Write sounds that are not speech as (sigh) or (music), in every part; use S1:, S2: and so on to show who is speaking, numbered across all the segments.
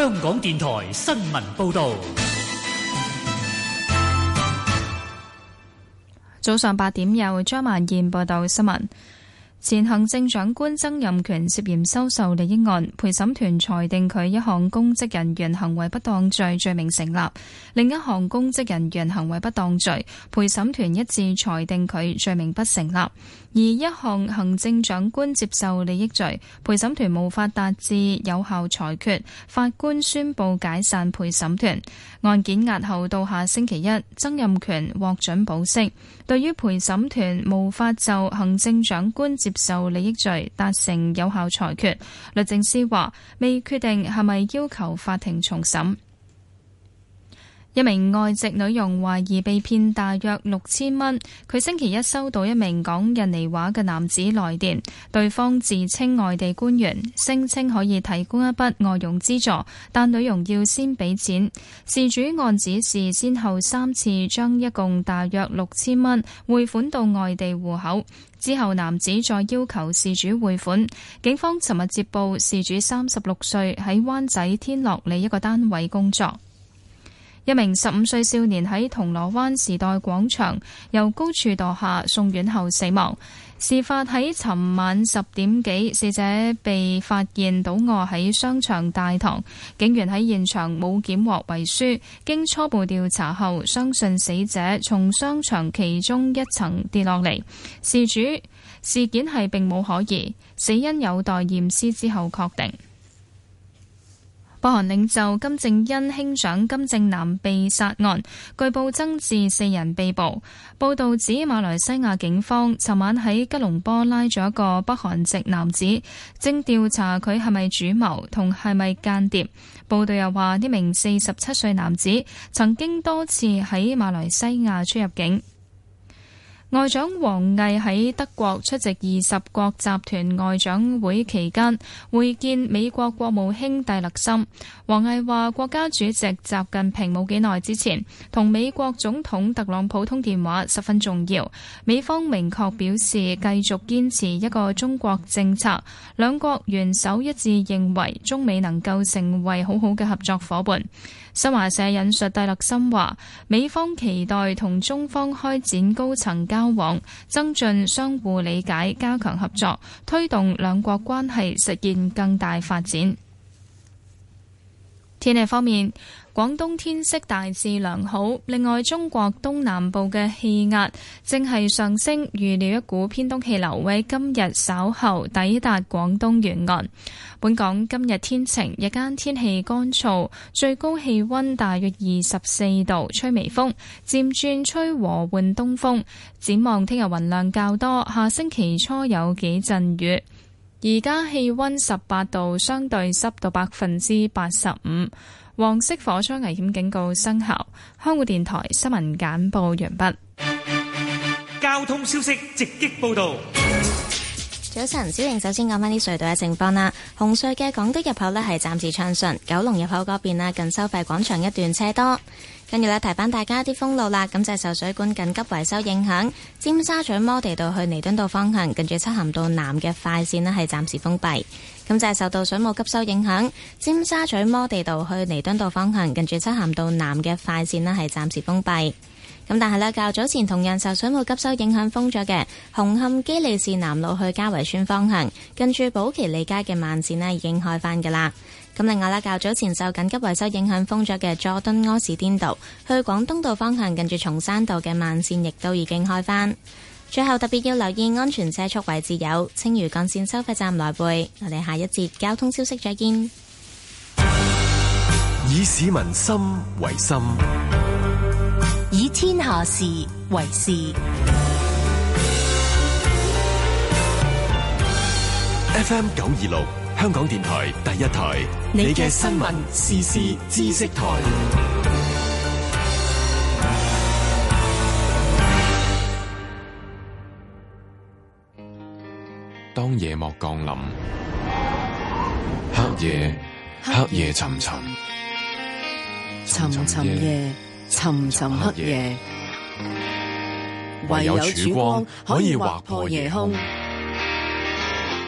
S1: 香港電台新聞報道，早上八點有張萬燕報道新聞。前行政長官曾蔭權涉嫌收受利益案，陪審團裁定佢一項公職人員行為不當罪罪名成立，另一項公職人員行為不當罪，陪審團一致裁定佢罪名不成立。而一項行政長官接受利益罪，陪審團無法達至有效裁決，法官宣布解散陪審團，案件押後到下星期一。曾蔭權獲准保釋。對於陪審團無法就行政長官接受利益罪達成有效裁決，律政司話未決定係咪要求法庭重審。一名外籍女傭懷疑被騙，大約六千蚊。佢星期一收到一名講印尼話嘅男子來電，對方自稱外地官員，聲稱可以提供一筆外傭資助，但女傭要先俾錢。事主按指示先後三次將一共大約六千蚊匯款到外地戶口，之後男子再要求事主匯款。警方尋日接報，事主三十六歲，喺灣仔天樂里一個單位工作。一名十五歲少年喺銅鑼灣時代廣場由高處墮下，送院後死亡。事發喺尋晚十點幾，死者被發現倒卧喺商場大堂。警員喺現場冇檢獲遺書，經初步調查後，相信死者從商場其中一層跌落嚟。事主事件係並冇可疑，死因有待驗屍之後確定。北韓領袖金正恩兄長金正男被殺案，據報增至四人被捕。報道指馬來西亞警方尋晚喺吉隆坡拉咗一個北韓籍男子，正調查佢係咪主謀同係咪間諜。報道又話，呢名四十七歲男子曾經多次喺馬來西亞出入境。外長王毅喺德國出席二十國集團外長會期間，會見美國國務卿戴立森。王毅話：國家主席習近平冇幾耐之前，同美國總統特朗普通電話十分重要。美方明確表示繼續堅持一個中國政策。兩國元首一致認為，中美能夠成為好好嘅合作伙伴。新華社引述蒂勒森話：美方期待同中方開展高層交往，增進相互理解，加強合作，推動兩國關係實現更大發展。天氣方面。廣東天色大致良好，另外中國東南部嘅氣壓正係上升，預料一股偏東氣流喺今日稍後抵達廣東沿岸。本港今日天晴，日間天氣乾燥，最高氣溫大約二十四度，吹微風，漸轉吹和緩東風，展望聽日雲量較多，下星期初有幾陣雨。而家氣溫十八度，相對濕度百分之八十五。黃色火災危險警告生效。香港電台新聞簡報，完畢。交通消息直擊報
S2: 導。
S3: 早晨，小瑩首先講翻啲隧道嘅情況啦。紅隧嘅港島入口呢，係暫時暢順，九龍入口嗰邊啦近收費廣場一段車多。跟住咧，提翻大家啲封路啦。咁就係受水管緊急維修影響，尖沙咀摩地道去彌敦道方向，跟住漆咸道南嘅快綫呢係暫時封閉。咁就係受到水務急修影響，尖沙咀摩地道去彌敦道方向，跟住漆咸道南嘅快綫呢係暫時封閉。咁但係呢，較早前同樣受水務急修影響封咗嘅紅磡基利士南路去加維村方向，跟住寶奇利街嘅慢綫呢已經開返噶啦。咁另外啦，較早前受緊急維修影響封咗嘅佐敦柯士甸道去廣東道方向，近住松山道嘅慢綫亦都已經開返。最後特別要留意安全車速位置，有青嶼幹綫收費站來背。我哋下一節交通消息再見。
S4: 以市民心為心，
S3: 以天下事為事。
S4: F M 九二六。香港電台第一台，你嘅新聞時事知識台。當夜幕降臨，黑夜，
S5: 黑夜沉沉，沉沉夜，沉
S1: 沉黑夜，
S4: 唯有曙光可以劃破夜空。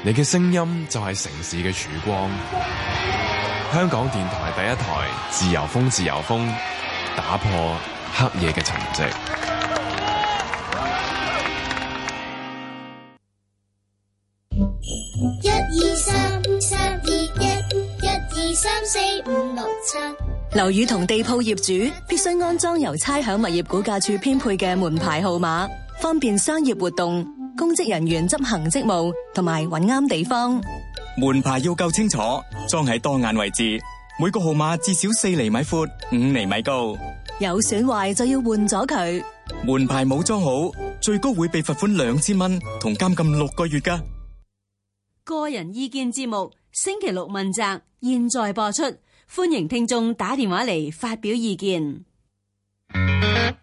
S4: 你嘅聲音就係城市嘅曙光，Yeah. 香港電台第一台自由風，自由風打破黑夜嘅沉寂。一、二、三、三、二、一、
S3: 一、二、三、四、五、六、七。樓宇同地鋪業主必須安裝由差餉物業估價署編配嘅門牌號碼，方便商業活動。公職人員執行職務同埋揾啱地方，
S6: 門牌要夠清楚，裝喺當眼位置，每個號碼至少四厘米闊，五厘米高。
S3: 有損壞就要換咗佢。
S6: 門牌冇裝好，最高會被罰款兩千蚊，同
S7: 監禁六個月㗎。
S3: 個人意見節目，星期六問責，現在播出，歡迎聽眾打電話嚟發表意見。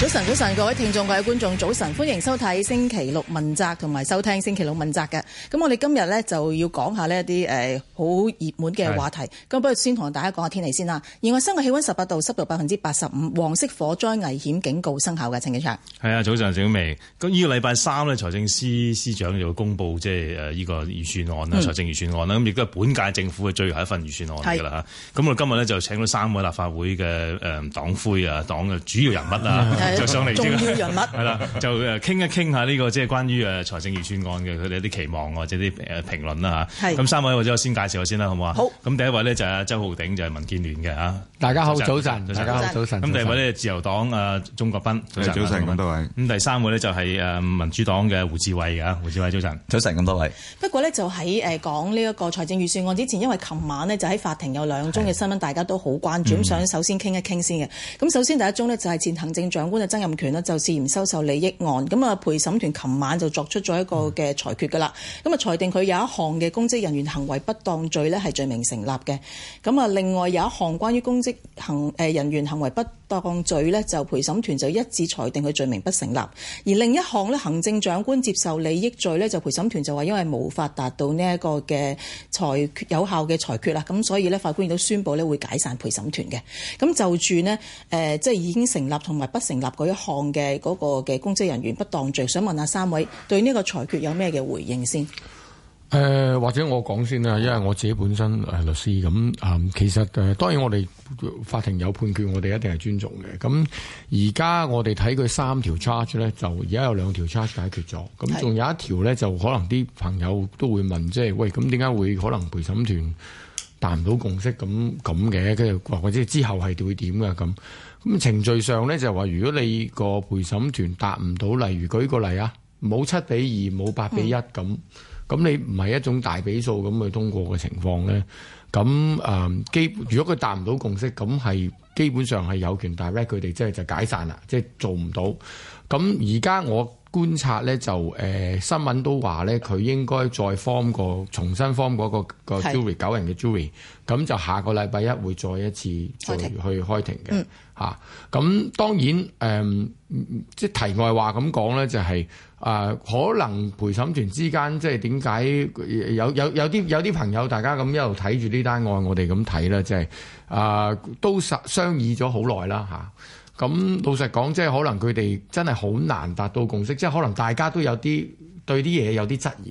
S5: 早晨，早晨，各位聽眾，各位觀眾，早晨，歡迎收睇星期六問責同埋收聽星期六問責嘅。咁我哋今日呢，就要講下呢一啲誒好熱門嘅話題。咁是不如先同大家講下天氣先啦。現在室外氣温十八度，濕度百分之八十五，黃色火災危險警告生效嘅。陳景祥。
S2: 係啊，早上，小薇。咁、這、呢個禮拜三咧，財政司司長就會公布即係誒呢個預算案啦，嗯、財政預算案啦。咁亦都係本屆政府嘅最後一份預算案㗎啦嚇。咁我哋是今日呢，就請咗三位立法會嘅誒黨魁啊，黨嘅主要人物啊。 (laughs) (laughs) 就上嚟重要人物係啦，就誒傾一傾下呢個即係關於誒財政預算案嘅佢哋啲期望或者啲誒評論啦嚇。咁三位，或者我先介紹下先啦，好唔好啊？好。咁第一位呢就係阿周浩鼎，就係民建聯嘅嚇。大家好，早晨。大家好，早晨。咁第二位呢，自由黨啊，鍾國斌。早晨，咁多位。咁第三位呢，就係誒民主黨嘅胡志偉嘅。胡志偉，早晨。早晨，咁多位。
S5: 不過呢，就喺誒講呢一個財政預算案之前，因為琴晚呢，就喺法庭有兩宗嘅新聞，大家都好關注，咁想首先傾一傾先嘅。咁首先第一宗呢，就係前行政長官嘅曾蔭權啦，就涉嫌收受利益案，咁啊陪審團琴晚就作出咗一個嘅裁決噶啦，咁啊裁定佢有一項嘅公職人員行為不當罪咧係罪名成立嘅，咁啊另外有一項關於公職行誒人員行為不當罪咧就陪審團就一致裁定佢罪名不成立，而另一項咧行政長官接受利益罪咧就陪審團就話因為無法達到呢一個嘅裁決有效嘅裁決啦，咁所以咧法官亦都宣布咧會解散陪審團嘅。咁就住呢，誒即係已經成立同埋不成立嗰一項嘅嗰個嘅公職人員不當罪，想問下三位對呢個裁決有咩嘅回應先？
S4: 誒、呃，或者我講先啦，因為我自己本身係律師咁啊、嗯，其實誒、呃，當然我哋法庭有判決，我哋一定係尊重嘅。咁而家我哋睇佢三條 charge 咧，就而家有兩條 charge 解決咗，咁、嗯、仲有一條咧，就可能啲朋友都會問，即係喂，咁點解會可能陪審團達唔到共識咁咁嘅？跟住或者之後係會點噶？咁咁程序上咧就係話，如果你個陪審團達唔到，例如舉個例啊，冇七比二，冇八比一咁。咁你唔係一種大比數咁去通過嘅情況咧，咁誒、嗯、基如果佢達唔到共識，咁係基本上係有權 direct 佢哋，即、就、係、是、就解散啦，即、就、係、是、做唔到。咁而家我觀察咧，就誒、呃、新聞都話咧，佢應該再 form 個重新 form 嗰、那個、那個 jury 九人嘅 jury，咁就下個禮拜一會再一次再 Okay. 去開庭嘅嚇。咁、嗯啊、當然誒、呃，即係題外話咁講咧，就係、是。啊、呃，可能陪審團之間即係點解有有有啲有啲朋友大家咁一路睇住呢單案，我哋咁睇啦，即係啊、呃、都相商議咗好耐啦嚇。咁、啊、老實講，即係可能佢哋真係好難達到共識，即係可能大家都有啲對啲嘢有啲質疑，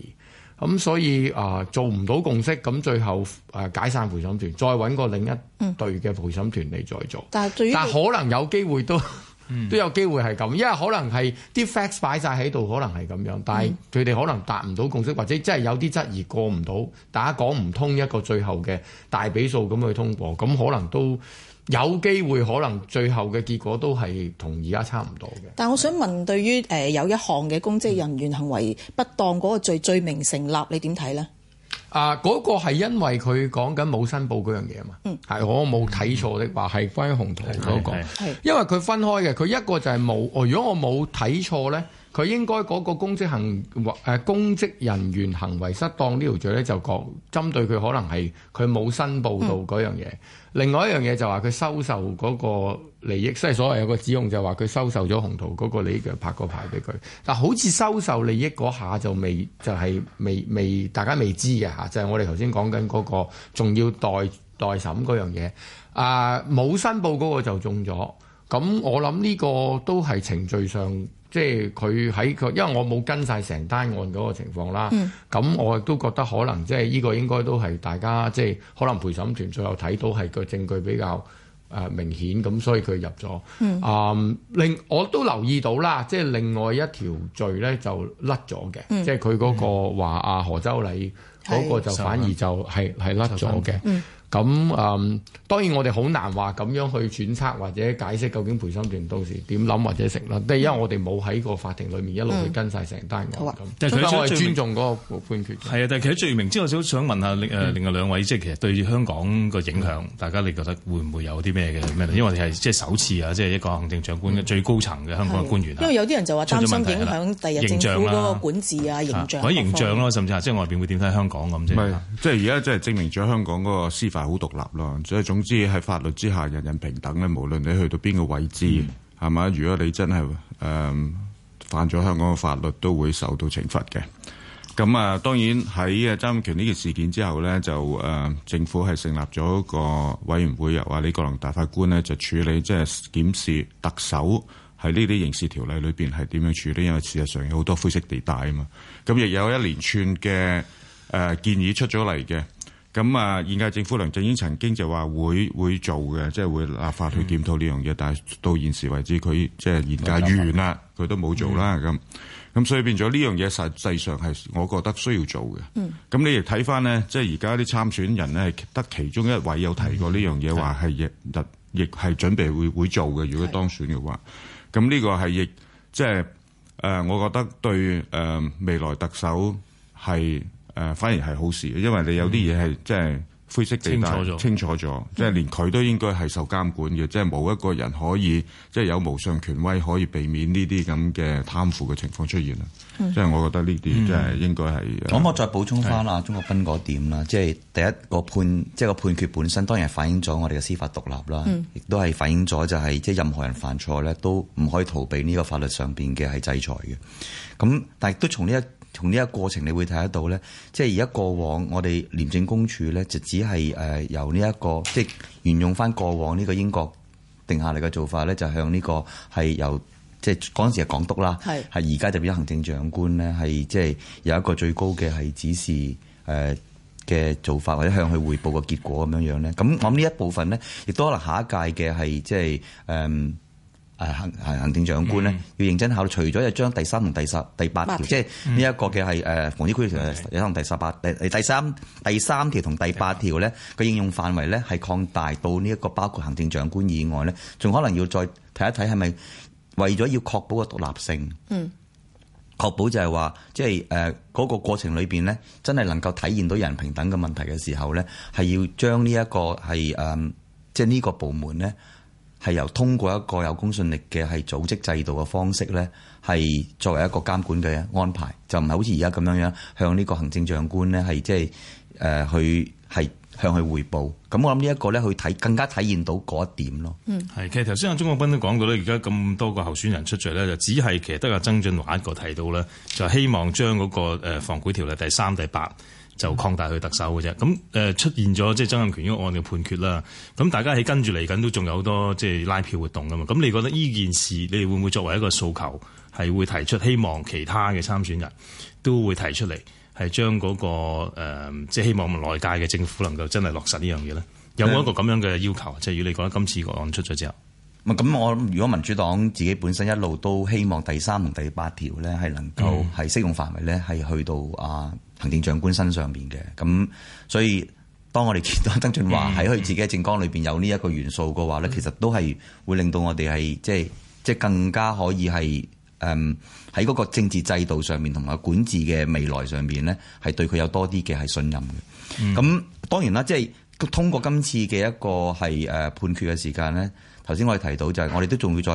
S4: 咁、嗯、所以啊、呃、做唔到共識，咁最後誒、呃、解散陪審團，再揾個另一隊嘅陪審團嚟再做。
S8: 嗯、但係可
S4: 能有機會都。 (laughs) 都有機會係咁，因為可能係啲 facts 擺曬喺度，可能係咁樣，但係佢哋可能達唔到共識，或者真係有啲質疑過唔到，大家講唔通一個最後嘅大比數咁去通過，咁可能都有機會，可能最後嘅結果都係同而家差唔多嘅。
S5: 但係我想問，是對於誒有一項嘅公職人員行為不當嗰個罪、嗯、罪名成立，你點睇呢？
S4: 啊！嗰、那個係因為佢講緊冇申報嗰樣嘢啊嘛，係、嗯、我冇睇錯的話，係關於紅糖嗰、那個，因為佢分開嘅，佢一個就係冇。哦，如果我冇睇錯咧。佢應該嗰個公職行或、誒、呃、公職人員行為失當呢條罪咧，就講針對佢可能係佢冇申報到嗰樣嘢。嗯、另外一樣嘢就話佢收受嗰個利益，即係所謂有個指控就話佢收受咗雄濤嗰個利益，就拍個牌俾佢。但好似收受利益嗰下就未就係、是、未未、未大家未知嘅嚇，就係、是、我哋頭先講緊嗰個仲要待、待審嗰樣嘢。啊、呃，冇申報嗰個就中咗。咁我諗呢個都係程序上。即係佢喺佢，因為我冇跟晒成單案嗰個情況啦。咁、嗯、我亦都覺得可能即係呢個應該都係大家即係可能陪審團最後睇到係個證據比較誒明顯，咁所以佢入咗。嗯，um, 另我都留意到啦，即係另外一條罪呢就甩咗嘅，嗯、即係佢嗰個話啊何周禮嗰個是就反而就係係甩咗嘅。咁誒，當然我哋好難話咁樣去揣測或者解釋究竟陪審團到時點諗或者成啦。因為，我哋冇喺個法庭裏面一路去跟晒成單案。即啊、嗯。樣但係佢想尊重嗰個判決。係啊、嗯，
S2: 但係佢喺罪名之後，少想問下另誒另外兩位，嗯、即係其實對香港個影響，大家你覺得會唔會有啲咩嘅咩咧？因為係即係首次啊，即係一個行政長官嘅、嗯、最高層嘅香港嘅官員因為
S5: 有啲人就話擔心影響第日，日政府個管治啊，形象，形象。或者形象
S2: 咯，
S7: 甚至係即係外邊會點睇香港咁是即係而家即係證明咗香港嗰個司法。但係好獨立咯，所以總之喺法律之下，人人平等咧。無論你去到邊個位置，係嘛、嗯？如果你真係誒、呃、犯咗香港嘅法律，都會受到懲罰嘅。咁、嗯、啊，嗯、當然喺啊，曾蔭權呢件事件之後咧，就誒、呃、政府係成立咗一個委員會，由啊李國能大法官咧就處理，即、就、係、是、檢視特首喺呢啲刑事條例裏邊係點樣處理，因為事實上有好多灰色地帶啊嘛。咁亦有一連串嘅誒、呃、建議出咗嚟嘅。咁啊，現屆政府梁振英曾經就話會會做嘅，即係會立法去檢討呢樣嘢。但係到現時為止，佢即係現屆完啦，佢都冇做啦。咁咁所以變咗呢樣嘢，實際上係我覺得需要做嘅。嗯，咁你亦睇翻咧，即係而家啲參選人咧，得其中一位有提過呢樣嘢，話係亦亦係準備會會做嘅。如果當選嘅話，咁呢個係亦即係誒，嗯，我覺得對誒未來特首係。誒反而係好事，因為你有啲嘢係即係灰色地帶、嗯、清楚咗，楚即係連佢都應該係受監管嘅，嗯、即係冇一個人可以即係、就是、有無上權威可以避免呢啲咁嘅貪腐嘅情況出現啦。嗯、即係我覺得呢啲即係應該係。嗯嗯、我，我再補充翻啦，的鍾國斌嗰點啦，即係第一個判，
S6: 即係個判決本身，當然反映咗我哋嘅司法獨立啦，亦、嗯、都係反映咗就係即係任何人犯錯咧，都唔可以逃避呢個法律上邊嘅係制裁嘅。咁但係都從呢一從呢一個過程，你會睇得到咧，即係而家過往我哋廉政公署咧、這個，就只係誒由呢一個即係沿用翻過往呢個英國定下嚟嘅做法咧，就向呢個係由即係嗰陣時係港督啦，係而家就變咗行政長官咧，係即係有一個最高嘅係指示誒嘅做法，或者向佢匯報個結果咁樣樣咧。咁我諗呢一部分咧，亦都可能下一屆嘅係即係誒，就是嗯誒行行政長官咧，要認真考慮，除咗係將第三同第十第八條，即係呢一個嘅係誒防止區嘅條，可能、就是嗯呃、第十八、第第三、第三條同第八條咧個應用範圍咧係擴大到呢一個包括行政長官以外咧，仲可能要再睇一睇係咪為咗要確保個獨立性，嗯，確保就係話即係誒嗰個過程裏邊咧，真係能夠體現到人平等嘅問題嘅時候咧，係要將呢、這、一個係誒、呃、即係呢個部門咧。係由通過一個有公信力嘅係組織制度嘅方式咧，係作為一個監管嘅安排，就唔係好似而家咁樣樣向呢個行政長官咧，係即係誒去係向佢匯報。咁我諗呢一個咧，去睇更加體現到嗰一點咯。
S2: 嗯，係其實頭先阿鍾國斌都講過咧，而家咁多個候選人出聚咧，就只係其實都阿曾俊華一個提到咧，就希望將嗰個誒房管條例第三第八。就擴大佢特首嘅啫，咁誒、呃、出現咗即係曾蔭權嗰個案嘅判決啦。咁大家喺跟住嚟緊都仲有好多即係拉票活動㗎嘛。咁你覺得呢件事你哋會唔會作為一個訴求，係會提出希望其他嘅參選人都會提出嚟、那個，係將嗰個即係希望內界嘅政府能夠真係落實呢樣嘢咧？有冇一個咁樣嘅要求？嗯、即係如果你覺得今次個案出咗之後，咁我
S6: 如果民主黨自己本身一路都希望第三同第八條咧係能夠係適用範圍咧係去到啊。行政長官身上邊嘅，咁所以當我哋見到曾俊華喺佢自己嘅政綱裏邊有呢一個元素嘅話咧，嗯、其實都係會令到我哋係即係即係更加可以係誒喺嗰個政治制度上面同埋管治嘅未來上面咧，係對佢有多啲嘅係信任嘅。咁、嗯、當然啦，即係通過今次嘅一個係誒、呃、判決嘅時間咧，頭先我哋提到就係我哋都仲要再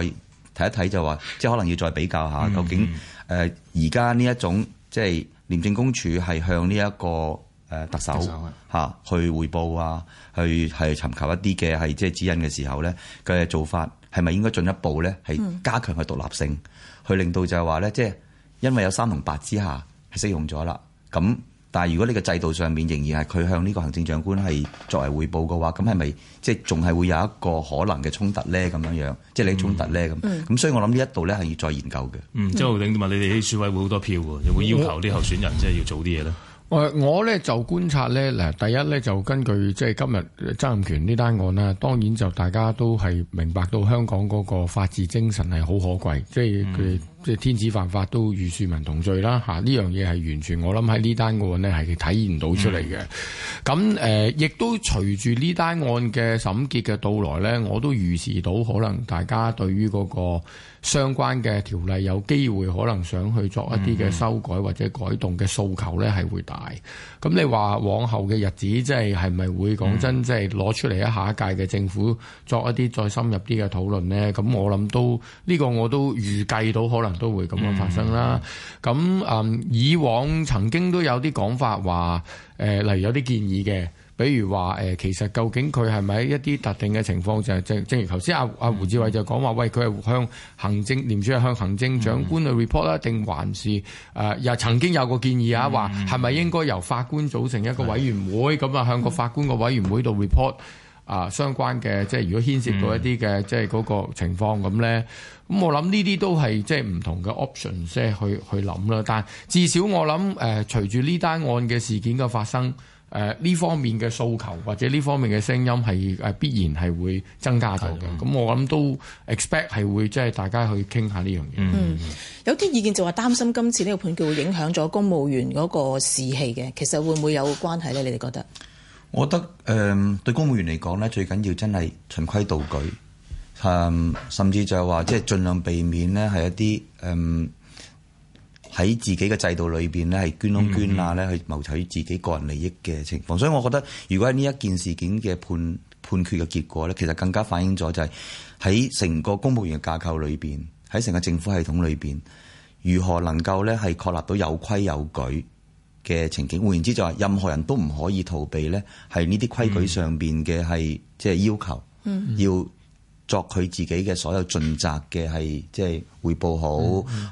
S6: 睇一睇就話，即係可能要再比較下究竟誒而家呢一種即係。即廉政公署係向呢一個誒特首嚇去匯報啊，去係尋求一啲嘅係即係指引嘅時候咧，佢嘅做法係咪應該進一步咧，係加強佢獨立性，去、嗯、令到就係話咧，即係因為有三同八之下係適用咗啦，咁。但係，如果呢個制度上面仍然係佢向呢個行政長官係作為彙報嘅話，咁係咪即係仲係會有一個可能嘅衝突咧？咁樣樣，即係你衝
S2: 突咧咁。咁、嗯嗯、所以我諗呢一度咧係要再研究嘅。嗯，周浩鼎，問、嗯、你哋選委會好多票喎，有冇要求啲候選人即係要做啲嘢咧？
S4: 誒、嗯，我咧就觀察咧，嗱，第一咧就根據即係今日曾蔭權呢單案啦，當然就大家都係明白到香港嗰個法治精神係好可貴，即係佢、嗯。即係天子犯法都與庶民同罪啦，吓呢樣嘢係完全我諗喺呢單案咧係體現到出嚟嘅。咁誒亦都隨住呢單案嘅審結嘅到來咧，我都預示到可能大家對於嗰個相關嘅條例有機會可能想去作一啲嘅修改，或者改動嘅訴求咧係會大。咁、嗯、你話往後嘅日子即係係咪會講真即係攞出嚟一下一屆嘅政府作一啲再深入啲嘅討論咧？咁我諗都呢、呢個我都預計到可能。都會咁樣發生啦。咁誒、嗯嗯、以往曾經都有啲講法話，誒、呃、例如有啲建議嘅，比如話誒、呃、其實究竟佢係咪一啲特定嘅情況，就係正正如頭先阿阿胡志偉就講話，喂佢係向行政廉署係向行政長官去 report 啦、嗯，定還是誒、呃、又曾經有個建議、嗯、啊，話係咪應該由法官組成一個委員會，咁啊的向個法官個委員會度 report？啊，相關嘅即係如果牽涉到一啲嘅、嗯、即係嗰個情況咁咧，咁我諗呢啲都係即係唔同嘅 option 即係去去諗啦。但至少我諗誒、呃，隨住呢單案嘅事件嘅發生，誒、呃、呢方面嘅訴求或者呢方面嘅聲音係誒、呃、必然係會增加到嘅。咁的我諗都 expect 係會即係大家去傾下呢樣嘢。嗯，嗯，
S5: 有啲意見就話擔心今次呢個判決會影響咗公務員嗰個士氣嘅，其實會唔會有關係咧？你哋覺得？
S4: 我覺得
S6: 誒、嗯、對公務員嚟講呢，最緊要真係循規蹈矩、嗯，甚至就係話即係盡量避免呢係一啲誒喺自己嘅制度裏邊呢係捐窿捐罅呢去謀取自己個人利益嘅情況。Mm hmm. 所以，我覺得如果喺呢一件事件嘅判判決嘅結果呢，其實更加反映咗就係喺成個公務員嘅架構裏邊，喺成個政府系統裏邊，如何能夠呢係確立到有規有矩。嘅情景，換言之就係任何人都唔可以逃避咧，係呢啲規矩上邊嘅係即係要求，
S8: 嗯、
S6: 要作佢自己嘅所有盡責嘅係即係匯報好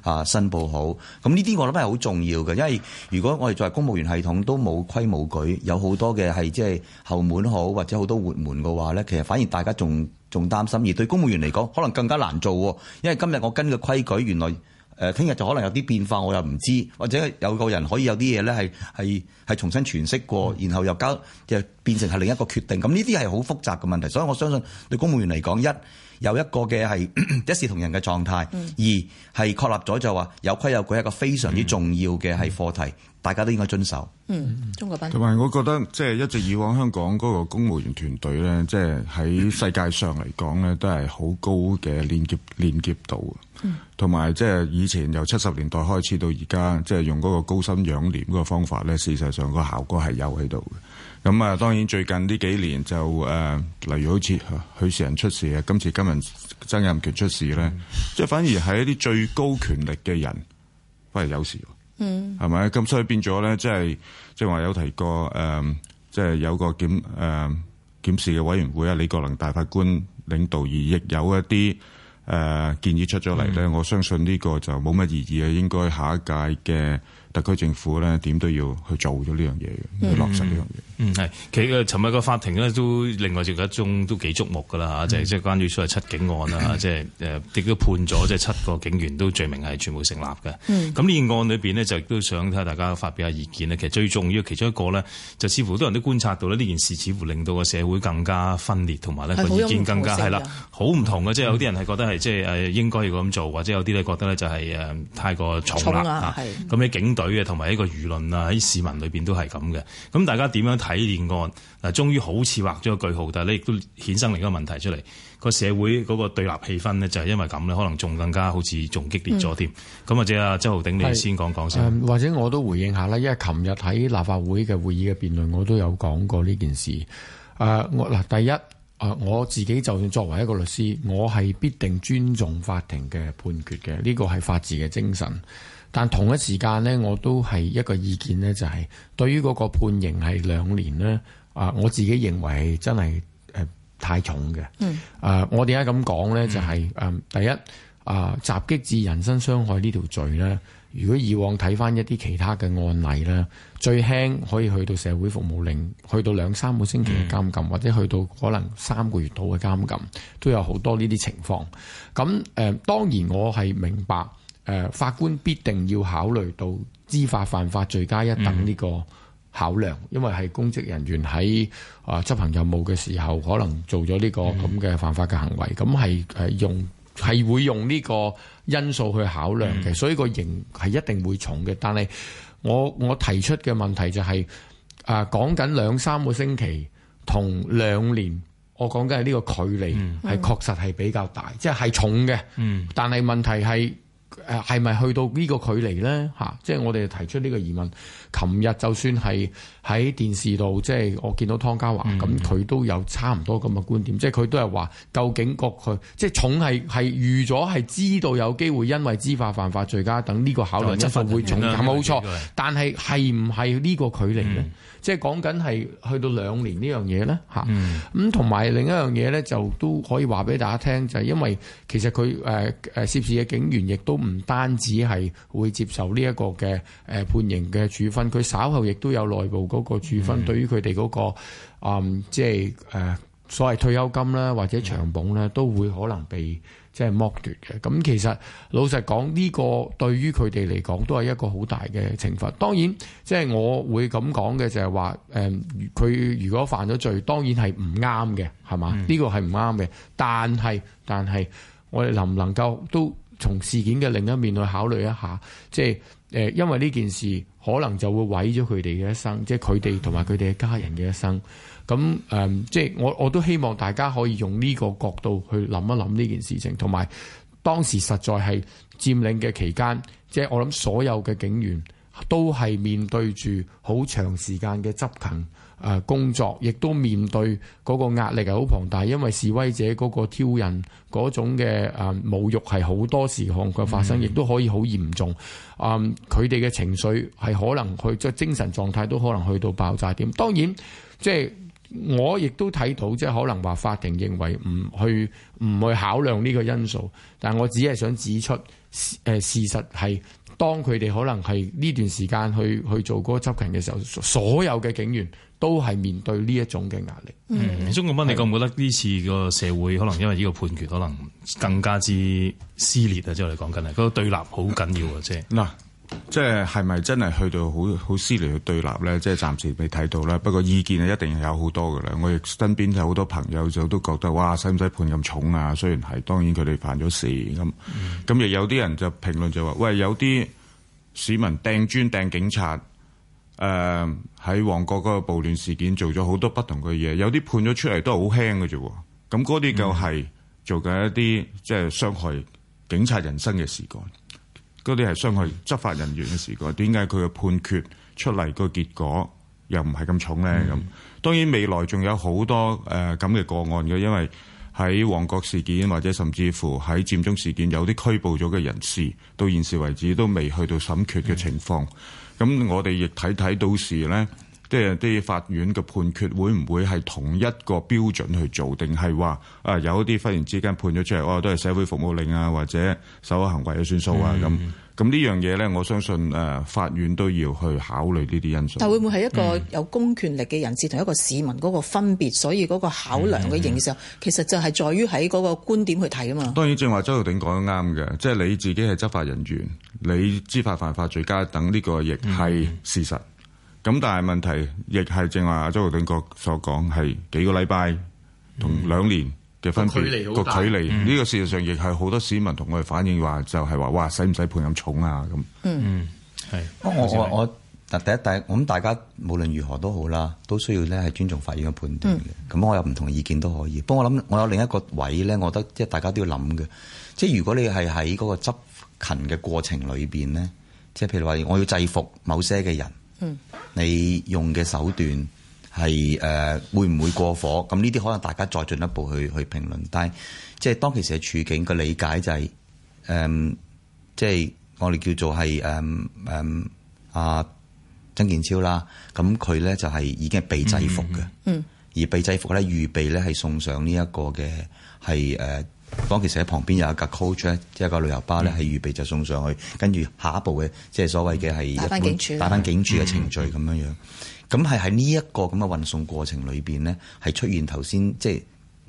S6: 啊，嗯嗯、申報好。咁呢啲我諗係好重要嘅，因為如果我哋作為公務員系統都冇規冇矩，有好多嘅係即係後門好或者好多活門嘅話咧，其實反而大家仲仲擔心，而對公務員嚟講可能更加難做，因為今日我跟嘅規矩原來，誒，聽日就可能有啲變化，我又唔知，或者有個人可以有啲嘢咧，係係重新詮釋過，嗯、然後又交就變成係另一個決定。咁呢啲係好複雜嘅問題，所以我相信對公務員嚟講，一有一個嘅係 (coughs) 一視同仁嘅狀態，二係確立咗就話有規有矩一個非常之重要嘅係
S7: 課題。嗯嗯嗯大家都應該遵守。嗯，
S8: 鍾國斌。同埋，
S7: 我覺得即係、就是、一直以往香港嗰個公務員團隊咧，即係喺世界上嚟講咧，都係好高嘅廉潔廉潔度。同埋、嗯，即係以前由七十年代開始到而家，即、就、係、是、用嗰個高薪養廉嗰個方法咧，事實上個效果係有喺度嘅。咁啊，當然最近呢幾年就誒、呃，例如好似許仕仁出事啊，今次今日曾蔭權出事咧，即係、嗯、反而係一啲最高權力嘅人反而有事。係咪？咁所以變咗咧，即係即係話有提過誒、呃，即係有個檢誒、呃、檢視嘅委員會啊。李國能大法官領導，而亦有一啲誒、呃、建議出咗嚟咧， (noise) 我相信呢個就冇乜異議嘅。應該下一屆嘅。特區政府咧，點都要去做咗呢樣嘢嘅，要落實呢
S2: 樣
S7: 嘢。嗯，係。其實尋日個法
S2: 庭咧都另外仲有一宗都幾觸目㗎啦嚇，就係即係關於所謂七警案啦，嗯、即係誒亦都判咗，即係七個警員都罪名係全部成立嘅。咁呢、嗯、件案裏邊呢，就亦都想睇下大家發表下意見啦。其實最重要其中一個呢，就似乎好多人都觀察到呢件事似乎令到個社會更加分裂，同埋呢個是意見更加係啦，好唔同嘅。即係的 (laughs) 有啲人係覺得係即係誒應該要咁做，或者有啲咧覺得咧就係、是、誒太過重啦咁啲警。隊嘅，同埋一個輿論啊，喺市民裏邊都係咁嘅。咁大家點樣睇呢件案？嗱，終於好似畫咗個句號，但係咧亦都衍生另一個問題出嚟。個社會嗰個對立氣氛呢，就係因為咁呢，可能仲更加好似仲激烈咗添。咁、嗯、或者阿周浩鼎，你先講講先。
S4: 或者我都回應下啦，因為琴日喺立法會嘅會議嘅辯論，我都有講過呢件事。誒、呃，我嗱，第一，誒，我自己就算作為一個律師，我係必定尊重法庭嘅判決嘅，呢個係法治嘅精神。但同一時間呢，我都係一個意見呢，就係對於嗰個判刑係兩年呢，啊，我自己認為真係誒太重嘅。嗯。啊，我點解咁講呢，就係誒第一啊，襲擊致人身傷害呢條罪呢，如果以往睇返一啲其他嘅案例呢，最輕可以去到社會服務令，去到兩三個星期嘅監禁，嗯、或者去到可能三個月到嘅監禁，都有好多呢啲情況。咁誒、呃，當然我係明白。誒、呃，法官必定要考慮到知法犯法罪加一等，呢個考量，嗯、因為係公職人員喺誒執行任務嘅時候，可能做咗呢個咁嘅犯法嘅行為，咁係係用係會用呢個因素去考量嘅，嗯、所以個刑係一定會重嘅。但係我我提出嘅問題就係、是，誒講緊兩三個星期同兩年，我講緊係呢個距離係確實係比較大，即係重嘅。嗯，嗯但係問題係。誒係咪去到呢個距離呢？嚇、啊，即係我哋提出呢個疑問。琴日就算係喺電視度，即係我見到湯家驊咁，佢、嗯、都有差唔多咁嘅觀點，嗯、即係佢都係話，究竟各佢即係重係係預咗係知道有機會，因為知法犯法罪、罪加等呢個考慮，一份、嗯、會重冇錯，嗯、但係係唔係呢個距離呢？嗯嗯即係講緊係去到兩年呢樣嘢咧吓？咁同埋另一樣嘢咧就都可以話俾大家聽，就係、是、因為其實佢誒誒涉事嘅警員亦都唔單止係會接受呢一個嘅誒、呃、判刑嘅處分，佢稍後亦都有內部嗰個處分，嗯、對於佢哋嗰個、呃、即係誒、呃、所謂退休金啦或者長俸咧，嗯、都會可能被。即係剝奪嘅，咁其實老實講，呢個對於佢哋嚟講都係一個好大嘅懲罰。當然，即係我會咁講嘅就係話，誒佢如果犯咗罪，當然係唔啱嘅，係嘛？嗯，呢個係唔啱嘅。但係但係，我哋能唔能夠都從事件嘅另一面去考慮一下？即係誒，因為呢件事可能就會毀咗佢哋嘅一生，嗯，即係佢哋同埋佢哋嘅家人嘅一生。咁誒、嗯，即係我我都希望大家可以用呢個角度去諗一諗呢件事情，同埋當時實在係佔領嘅期間，即係我諗所有嘅警員都係面對住好長時間嘅執勤誒工作，亦都面對嗰個壓力係好龐大，因為示威者嗰個挑釁嗰種嘅誒、呃、侮辱係好多時項嘅發生，亦都、嗯、可以好嚴重。啊、呃，佢哋嘅情緒係可能去即係精神狀態都可能去到爆炸點，當然，即係。我亦都睇到，即係可能話法庭認為唔去唔去考量呢個因素，但係我只係想指出，誒，事實係當佢哋可能係呢段時間去去做嗰個執勤嘅時候，所有嘅警員都係面對呢一種嘅壓力。
S2: 嗯，鍾、嗯、國斌，是你覺唔覺得呢次個社會可能因為呢個判決可能更加之撕裂啊？即、就、係、是、我哋講緊係嗰個對立好緊要、嗯、啊，即係嗱。
S7: 即係係咪真係去到好好撕裂嘅對立咧？即係暫時未睇到啦。不過意見啊，一定有好多嘅啦。我亦身邊有好多朋友就都覺得，哇，使唔使判咁重啊？雖然係當然佢哋犯咗事咁。咁亦有啲人就評論就話，喂，有啲市民掟磚掟警察，誒、呃、喺旺角嗰個暴亂事件做咗好多不同嘅嘢，有啲判咗出嚟都好輕嘅啫喎，咁嗰啲就係做緊一啲即係傷害警察人身嘅事幹。嗰啲係傷害執法人員嘅事，噉點解佢嘅判決出嚟個結果又唔係咁重呢？咁、嗯、當然未來仲有好多誒咁嘅個案嘅，因為喺旺角事件或者甚至乎喺佔中事件有啲拘捕咗嘅人士，到現時為止都未去到審決嘅情況，咁、嗯、我哋亦睇睇到時呢。即係啲法院嘅判決會唔會係同一個標準去做，定係話啊有一啲忽然之間判咗出嚟，哦都係社會服務令啊，或者守行為嘅算數啊咁，咁呢樣嘢咧，我相信誒法院都要去考慮呢啲因素。但會唔會係一個
S5: 有公權力嘅人士同一個市民嗰個分別，所以嗰個考量嘅影響，嗯嗯、其實就係在於喺嗰個觀點去睇啊嘛。
S7: 當然正話，周浩鼎講得啱嘅，即係你自己係執法人員，你知法犯法、罪加等呢個亦係事實。嗯咁但係問題亦係，正話阿周浩鼎哥所講係幾個禮拜同兩年嘅分別個、嗯、距離呢離、嗯、個事實上亦係好多市民同我哋反映話、嗯、就係話哇，使唔使判咁重啊？咁
S8: 嗯，
S7: 係、嗯、是我我我
S6: 第一第一，我諗大家無論如何都好啦，都需要咧係尊重法院嘅判斷嘅。咁、嗯、我有唔同意見都可以。不過我諗我有另一個位咧，我覺得即係大家都要諗嘅。即係如果你係喺嗰個執勤嘅過程裏邊咧，即係譬如話我要制服某，某，某些嘅人。嗯，你用嘅手段係誒、呃、會唔會過火？咁呢啲可能大家再進一步去去評論。但係即係當其時嘅處境嘅理解就係、是、誒、嗯，即係我哋叫做係誒誒啊曾健超啦。咁佢咧就係已經係被制服嘅，嗯嗯、而被制服咧預備咧係送上呢一個嘅係誒。講其實喺旁邊有一架 coach 咧，即係一個旅遊巴咧，係預備就送上去，跟住下一步嘅即係所謂嘅係一般打翻警署嘅程序咁樣樣。咁係喺呢一個咁嘅運送過程裏邊咧，係出現頭先即係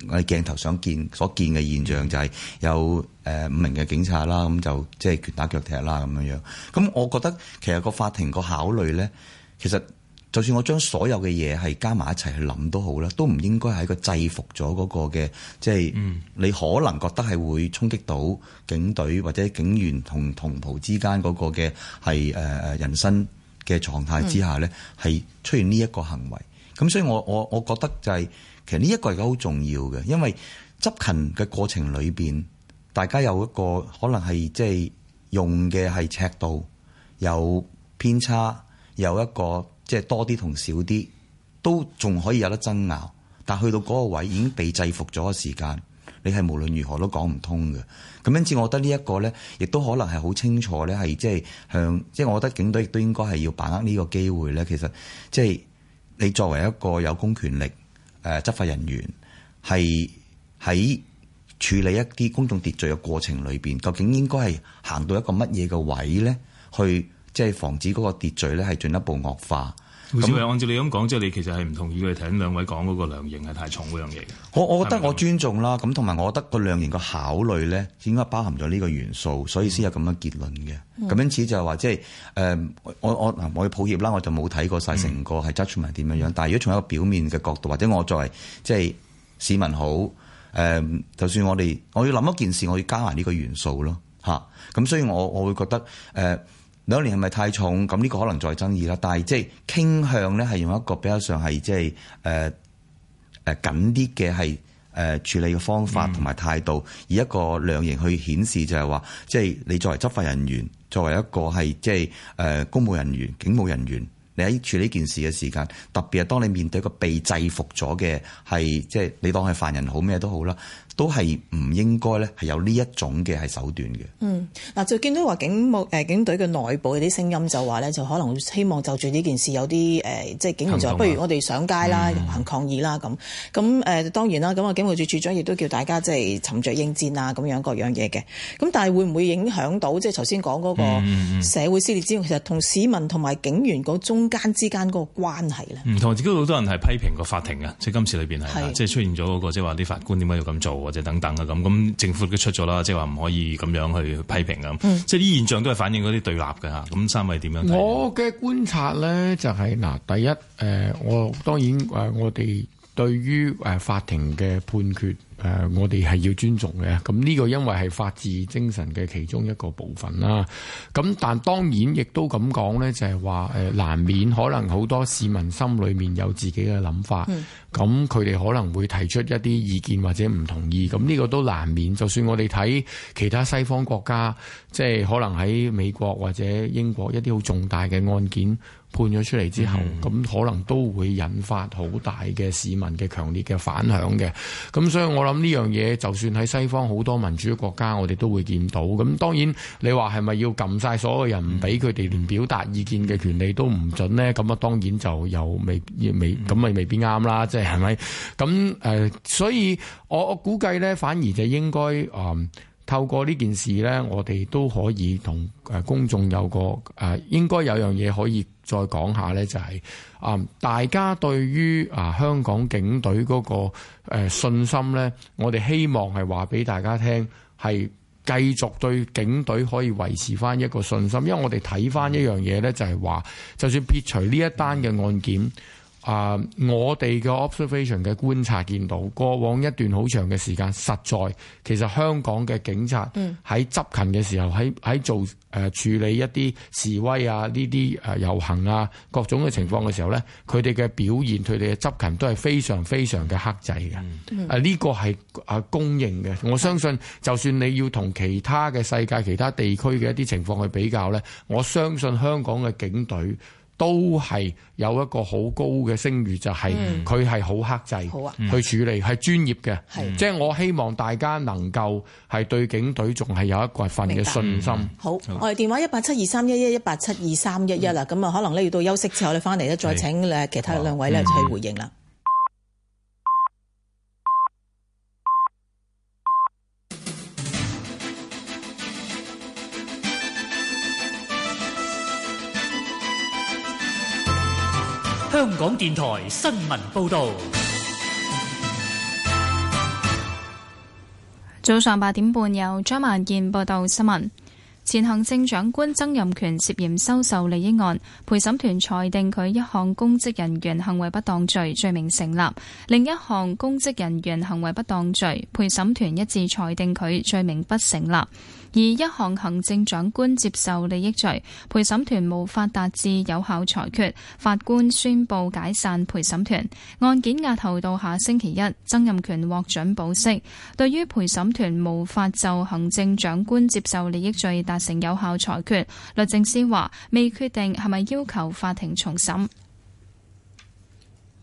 S6: 我哋鏡頭想見所見嘅現象，就係有誒五名嘅警察啦，咁就即係拳打腳踢啦咁樣樣。咁我覺得其實個法庭個考慮咧，其實。就算我將所有嘅嘢係加埋一齊去諗都好啦，都唔應該係個制服咗嗰個嘅，即係你可能覺得係會衝擊到警隊或者警員同同袍之間嗰個嘅係誒誒人生嘅狀態之下咧，係，嗯，出現呢一個行為。咁所以我我我覺得就係其實呢一個係好重要嘅，因為執勤嘅過程裏邊，大家有一個可能係即係用嘅係尺度有偏差，有一個。即係多啲同少啲都仲可以有得爭拗，但去到嗰個位已經被制服咗嘅時間你係無論如何都講唔通嘅。咁因此，我覺得呢一個呢，亦都可能係好清楚呢，係即係向即係，就是、我覺得警隊亦都應該係要把握呢個機會呢，其實即係你作為一個有公權力誒、呃、執法人員，係喺處理一啲公眾秩序嘅過程裏邊，究竟應該係行到一個乜嘢嘅位呢？去即係、就是、防止嗰個秩序
S2: 呢，係進一步惡化。咁按照你咁講，即係你其實係唔同意佢哋聽兩位講嗰個量刑係太重嗰樣嘢
S6: 嘅。我我覺得我尊重啦，咁同埋我覺得個量刑個考慮咧，應該包含咗呢個元素，所以先有咁樣結論
S2: 嘅。咁因
S6: 此就係話，即係誒、呃，我我我要抱歉啦，我就冇睇過晒成個係 judgement 係點樣樣。嗯、但係如果從一個表面嘅角度，或者我作為即係市民好誒、呃，就算我哋我要諗一件事，我要加埋呢個元素咯嚇。咁、啊、所以我我會覺得誒。呃兩年係咪太重？咁呢個可能再爭議啦。但係即係傾向咧，係用一個比較上係即係誒誒緊啲嘅係誒處理嘅方法同埋態度，嗯、以一個量刑去顯示就係話，即係你作為執法人員，作為一個係即係誒、呃、公務人員、警務人員，你喺處理件事嘅時間，特別係當你面對一個被制服咗嘅，係即係你當係犯人好咩都好啦。都係唔應該咧，係有呢一種嘅係手段嘅。嗯，
S5: 嗱就見到話警務誒警隊嘅內部有啲聲音就話咧，就可能會希望就住呢件事有啲誒、呃，即係警員就、啊、不如我哋上街啦，嗯、行抗議啦咁。咁誒當然啦，咁啊警務處處長亦都叫大家即係沉着應戰啊，咁樣各樣嘢嘅。咁但係會唔會影響到即係頭先講嗰個社會撕裂之，其實同市民同埋警員嗰中間之間個關係咧？
S2: 唔同，而家好多人係批評個法庭嘅，即係今次裏邊係，即係出現咗嗰個即係話啲法官點解要咁做？或者等等啊，咁，咁政府都出咗啦，即係話唔可以咁樣去批評啊。是即係啲現象都係反映嗰啲對立嘅吓。咁三位點樣睇？我
S4: 嘅觀察咧就係、是、嗱，第一誒、呃，我當然誒、呃，我哋。對於誒法庭嘅判決，誒我哋係要尊重嘅。咁呢個因為係法治精神嘅其中一個部分啦。咁、嗯、但當然亦都咁講呢就係話誒，難免可能好多市民心裏面有自己嘅諗法，咁佢哋可能會提出一啲意見或者唔同意。咁呢個都難免。就算我哋睇其他西方國家，即係可能喺美國或者英國一啲好重大嘅案件。判咗出嚟之後，咁、mm hmm. 可能都會引發好大嘅市民嘅強烈嘅反響嘅。咁所以我諗呢樣嘢，就算喺西方好多民主國家，我哋都會見到。咁當然，你話係咪要禁晒所有人，唔俾佢哋連表達意見嘅權利都唔准呢？咁啊，當然就又未未咁咪未，未必啱啦，即係係咪？咁誒、呃，所以我我估計呢，反而就應該嗯。呃透過呢件事呢，我哋都可以同誒公眾有個誒，應該有樣嘢可以再講下呢，就係啊，大家對於啊香港警隊嗰個誒信心呢，我哋希望係話俾大家聽，係繼續對警隊可以維持翻一個信心，因為我哋睇翻一樣嘢呢就係話，就算撇除呢一單嘅案件。啊、呃！我哋嘅 observation 嘅觀察見到，過往一段好長嘅時間，實在其實香港嘅警察喺執勤嘅時候，喺喺做誒、呃、處理一啲示威啊呢啲誒遊行啊各種嘅情況嘅時候咧，佢哋嘅表現，佢哋嘅執勤都係非常非常嘅克制
S8: 嘅。啊、嗯，
S4: 呢、呃、個係啊公認嘅。我相信，就算你要同其他嘅世界、其他地區嘅一啲情況去比較咧，我相信香港嘅警隊。都係有一個好高嘅聲譽，就係佢係好克制，嗯、去處理係、嗯、專業嘅。即係是我希望大家能夠係對警隊仲係有一個份嘅信心。白嗯、好，好我
S5: 哋電話一八七二三一一一八七二三一一啦。咁啊，可能咧要到休息之後咧，翻嚟咧再請誒其他兩位咧是、嗯、去回應啦。
S1: 香港電台新聞報道，早上八點半由張萬健報道新聞。前行政長官曾蔭權涉嫌收受利益案，陪審團裁定佢一項公職人員行為不當罪，罪名成立，另一項公職人員行為不當罪，陪審團一致裁定佢罪名不成立。而一項行，行政長官接受利益罪，陪審團無法達至有效裁決，法官宣布解散陪審團。案件押後到下星期一，曾蔭權獲准保釋。對於陪審團無法就行政長官接受利益罪達成有效裁決，律政司話未決定係咪要求法庭重審。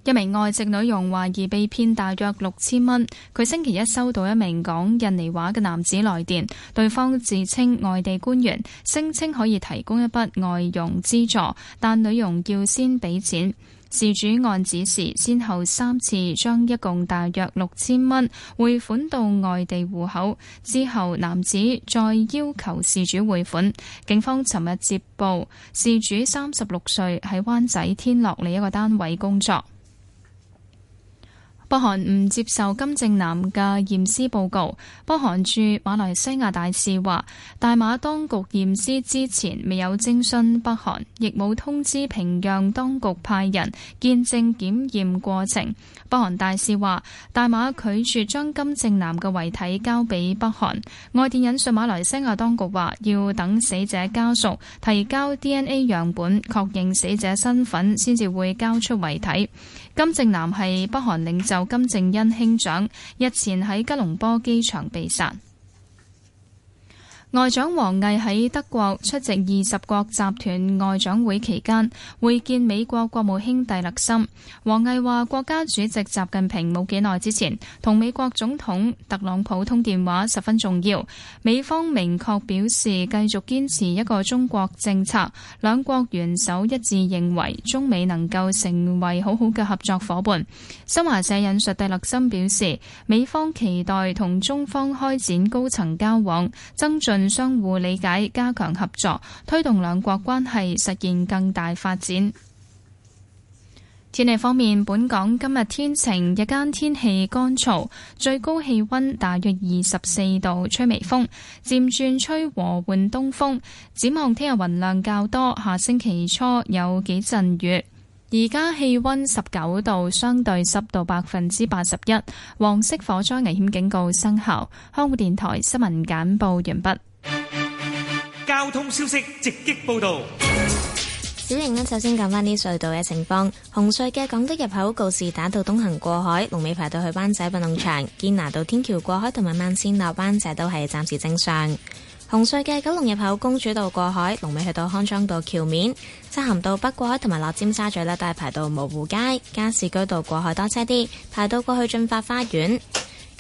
S1: 一名外籍女傭懷疑被騙，大約六千蚊。佢星期一收到一名講印尼話嘅男子來電，對方自稱外地官員，聲稱可以提供一筆外傭資助，但女傭要先俾錢。事主按指示先後三次將一共大約六千蚊匯款到外地戶口之後，男子再要求事主匯款。警方尋日接報，事主三十六歲，喺灣仔天樂里一個單位工作。北韓唔接受金正男嘅驗屍報告。北韓駐馬來西亞大使話：大馬當局驗屍之前未有徵詢北韓，亦冇通知平壤當局派人見證檢驗過程。北韓大使話：大馬拒絕將金正男嘅遺體交俾北韓。外電引述馬來西亞當局話：要等死者家屬提交 DNA 樣本確認死者身份，先至會交出遺體。金正男係北韓領袖。金正恩兄長日前喺吉隆坡機場被殺。外長王毅喺德國出席二十國集團外長會期間，會見美國國務卿蒂勒森。王毅話國家主席習近平冇幾耐之前，同美國總統特朗普通電話十分重要。美方明確表示繼續堅持一個中國政策，兩國元首一致認為中美能夠成為好好嘅合作伙伴。新華社引述蒂勒森表示，美方期待同中方開展高層交往，增進。相互理解，加強合作，推動兩國關係實現更大發展。天氣方面，本港今日天晴，日間天氣乾燥，最高氣温大約二十四度，吹微風，漸轉吹和緩東風。展望聽日雲量較多，下星期初有幾陣雨。而家氣温十九度，相對濕度百分之八十一，黃色火災危險警告生效。香港電台新聞簡報完畢。
S3: 交通消息直擊報道，小瑩咧首先講翻啲隧道嘅情況。紅隧嘅港督入口告士打道東行過海，龍尾排到去灣仔運動場；堅拿道天橋過海同埋慢線落灣仔都係暫時正常。紅隧嘅九龍入口公主道過海，龍尾去到康莊道橋面；漆咸道北過海同埋落尖沙咀咧，都係排到蕪湖街、加士居道過海多車啲，排到過去駿發花園。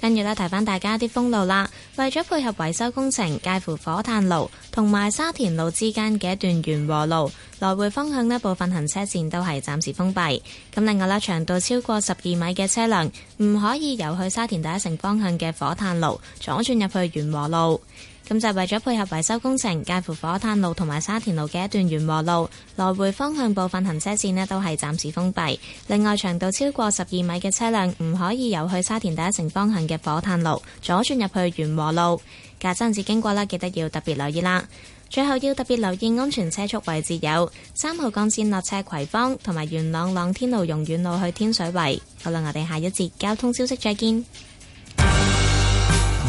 S3: 跟住咧，提返大家啲封路啦。為咗配合維修工程，介乎火炭路同埋沙田路之間嘅一段源禾路，來回方向呢部分行車線都係暫時封閉。咁另外咧，長度超過十二米嘅車輛唔可以由去沙田第一城方向嘅火炭路左轉，轉入去源禾路。咁就係為咗配合維修工程，介乎火炭路同埋沙田路嘅一段源禾路來回方向部分行車線呢都係暫時封閉。另外長度超過十二米嘅車輛唔可以由去沙田第一城方向嘅火炭路左轉入去源禾路。嗰陣時經過啦，記得要特別留意啦。最後要特別留意安全車速位置，有三號幹線落斜葵芳，同埋元朗朗天路容遠路，去天水圍。好啦，我哋下一節交通消息再見。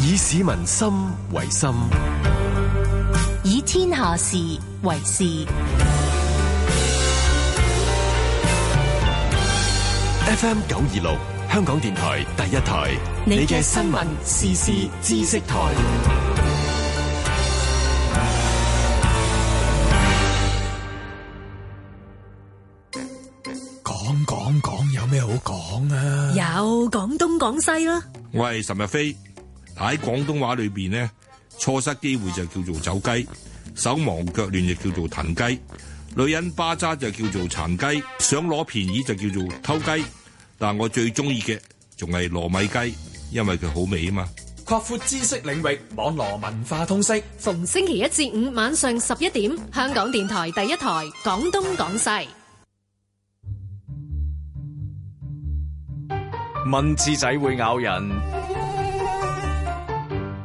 S4: 以市民心為心，
S3: 以天下事為事。
S4: FM 九二六，香港電台第一台，你嘅新聞時、時事、知識台。講講講，有咩好講啊？
S1: 有，講東
S9: 講西啦。
S2: 我係岑逸飛。喺廣東話裏邊咧，錯失機會就叫做走雞，手忙腳亂就叫做騰雞，女人巴渣就叫做殘雞，想攞便宜就叫做偷雞。但我最中意嘅仲係糯米雞，因為佢好味啊嘛。
S4: 擴闊知識領域，網羅文化通識。
S3: 逢星期一至五晚上十一點，香港電台第一台廣東廣西。
S7: 蚊子仔
S4: 會咬人。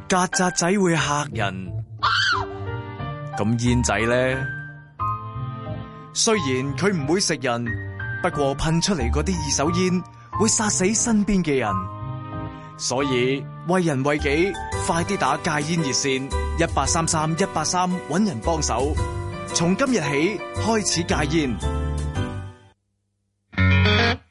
S4: 曱甴仔會嚇人，咁煙仔咧，雖然佢
S6: 唔會食人，不過噴出嚟嗰啲二手煙會殺死身邊嘅人，所以為人為己，快啲打戒煙熱線一八三三一八三，搵人幫手，從今日起開始戒煙。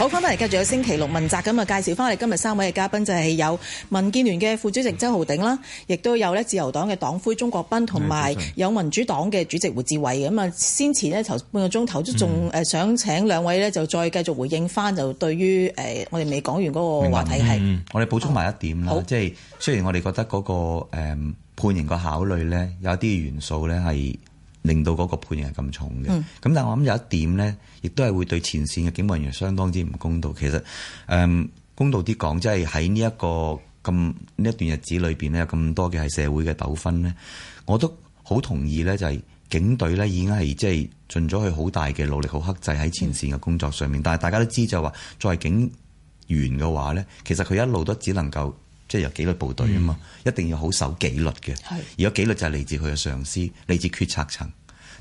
S5: 好，翻返嚟，繼續有星期六問責咁啊！介紹翻我哋今日三位嘅嘉賓，就係、是、有民建聯嘅副主席周浩鼎啦，亦都有咧自由黨嘅黨魁鍾國斌，同埋有，有民主黨嘅主席胡志偉嘅咁啊！先前呢，頭半個鐘頭都仲誒想請兩位咧，就再繼續回應翻，就對於誒我哋未講完嗰個話題係、嗯，
S6: 我哋補充埋一點啦，哦、即係雖然我哋覺得嗰、那個、嗯、判刑個考慮咧有啲元素咧係。令到嗰個判刑係咁重嘅，咁但係我諗有一點呢，亦都係會對前線嘅警務人員相當之唔公道。其實，誒、嗯、公道啲講，即係喺呢一個咁呢一段日子裏邊有咁多嘅係社會嘅糾紛呢，我都好同意呢，就係警隊呢已經係即係盡咗佢好大嘅努力，好克制喺前線嘅工作上面。但係大家都知就話，作為警員嘅話呢，其實佢一路都只能夠。即係有紀律部隊啊嘛，嗯、一定要好守紀律嘅。是而個紀律就係嚟自佢嘅上司，嚟自決策層。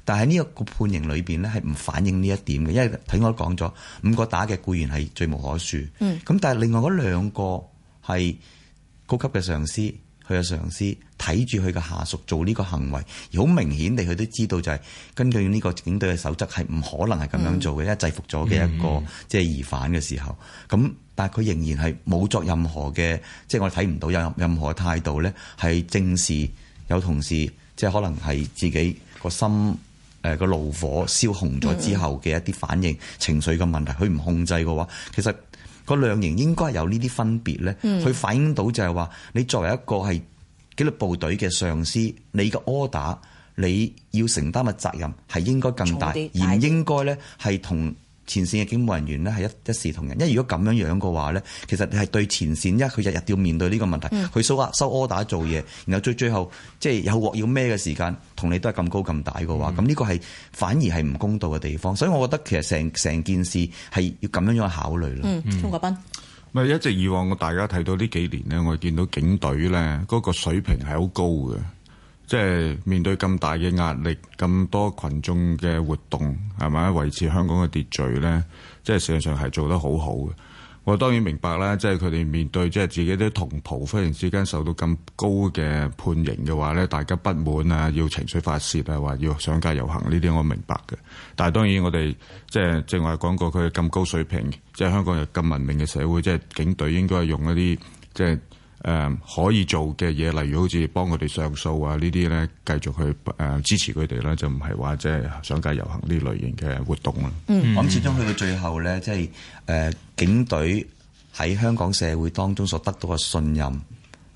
S6: 但係呢一個判刑裏邊咧，係唔反映呢一點嘅，因為睇我都講咗五個打嘅固然係罪無可恕。咁、嗯、但係另外嗰兩個係高級嘅上司，佢嘅上司睇住佢嘅下屬做呢個行為，而好明顯地佢都知道就係根據呢個警隊嘅守則係唔可能係咁樣做嘅。一、嗯、制服咗嘅一個即係疑犯嘅時候，咁、嗯。嗯。但係佢仍然係冇作任何嘅，即係我睇唔到有任何態度咧，係正視有同事，即係可能係自己個心誒個怒火燒紅咗之後嘅一啲反應、嗯、情緒嘅問題，佢唔控制嘅話，其實個量刑應該有呢啲分別咧，佢、嗯、反映到就係話，你作為一個係紀律部隊嘅上司，你嘅 order 你要承擔嘅責任係應該更大，大而唔應該咧係同。前線嘅警務人員咧係一一視同仁，因為如果咁樣樣嘅話咧，其實你係對前線，因為佢日日都要面對呢個問題，佢、嗯、收壓收攞打做嘢，然後最最後即係有鑊要孭嘅時間，同你都係咁高咁大嘅話，咁呢個係反而係唔公道嘅地方。所以，我覺得其實成成件事係要咁樣樣去考慮咯。嗯，
S5: 鍾國斌
S7: 咪、嗯、一直以往，我大家睇到呢幾年咧，我見到警隊咧嗰個水平係好高嘅。即係面對咁大嘅壓力，咁多群眾嘅活動係咪？維持香港嘅秩序呢，即係實際上係做得好好嘅。我當然明白啦，即係佢哋面對即係自己啲同袍忽然之間受到咁高嘅判刑嘅話呢，大家不滿啊，要情緒發泄啊，話要上街遊行呢啲，我明白嘅。但係當然我哋即係正話講過，佢咁高水平，即係香港有咁文明嘅社會，即係警隊應該係用一啲即係。就是誒、um，可以做嘅嘢，例如好似幫佢哋上訴啊，呢啲咧繼續去誒、呃、支持佢哋啦，就唔係話即係上街遊行呢類型嘅活動啦。嗯，咁、嗯、始終去到最後咧，即係誒警
S6: 隊喺香港社會當中所得到嘅信任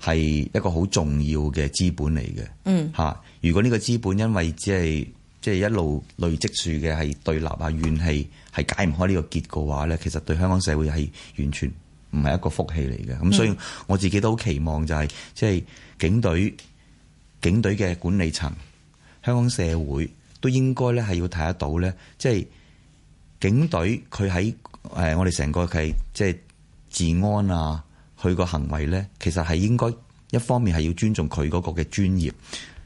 S6: 係一個好重要嘅資本嚟嘅。嗯，嚇，如果呢個資本因為只係即係一路累積住嘅係對立啊、怨氣，係解唔開呢個結嘅話咧，其實對香港社會係完全，唔係一個福氣嚟嘅，咁、嗯、所以我自己都好期望就係、是，即、就、係、是、警隊、警隊嘅管理層、香港社會，都應該咧係要睇得到咧，即、就、係、是、警隊佢喺誒我哋成個係即係治安啊，佢個行為咧，其實係應該一方面係要尊重佢嗰個嘅專業，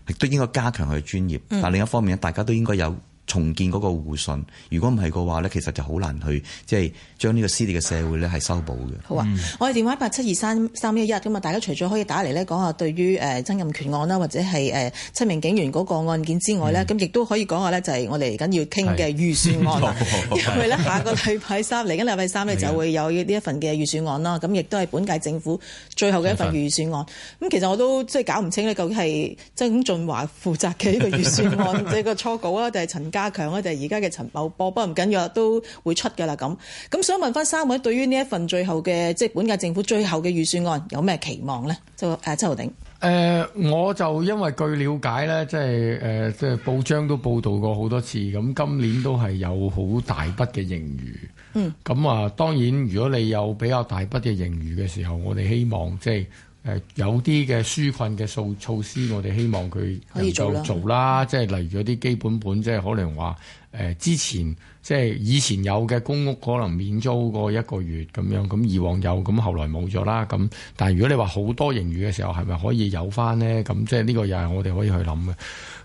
S6: 亦都應該加強佢嘅專業，嗯、但另一方面咧，大家都應該有重建嗰個互信，如果唔係嘅話呢，其實就好難去即係將呢個撕裂嘅社會呢係
S1: 修補嘅。好啊，嗯、
S5: 我哋電話八七二三三一一，咁啊，大家除咗可以打嚟呢講下對於誒曾蔭權案啦，或者係誒七名警員嗰個案件之外呢，咁亦都可以講下呢，就係我哋嚟緊要傾嘅預算案，
S8: 是因為呢， (laughs) 下
S5: 個禮拜三，嚟緊禮拜三呢就會有呢一份嘅預算案啦。咁亦的都係本屆政府最後嘅一份預算案。咁的其實我都即係搞唔清咧，究竟係曾俊華負責嘅呢個預算案，即係 (laughs) 個初稿啊，定係陳加強咧，就係而家嘅陳茂波，不過唔緊要都會出噶啦。咁咁想問翻三位，對於呢一份最後嘅即係本屆政府最後嘅預算案，有咩期望咧？周誒，周、啊、浩鼎
S4: 誒、呃，我就因為據了解咧，即係誒，即、呃、係、就是、報章都報道過好多次，咁今年都係有好大筆嘅盈餘。
S8: 嗯，
S4: 咁啊，當然如果你有比較大筆嘅盈餘嘅時候，我哋希望即係。就是誒有啲嘅紓困嘅措措施，我哋希望佢又做可以做啦，即係、嗯、例如嗰啲基本本，即係可能話誒之前即係以前有嘅公屋可能免租過一個月咁樣，咁以往有，咁後來冇咗啦，咁但係如果你話好多盈餘嘅時候，係咪可以有翻咧？咁即係呢個又係我哋可以去諗嘅。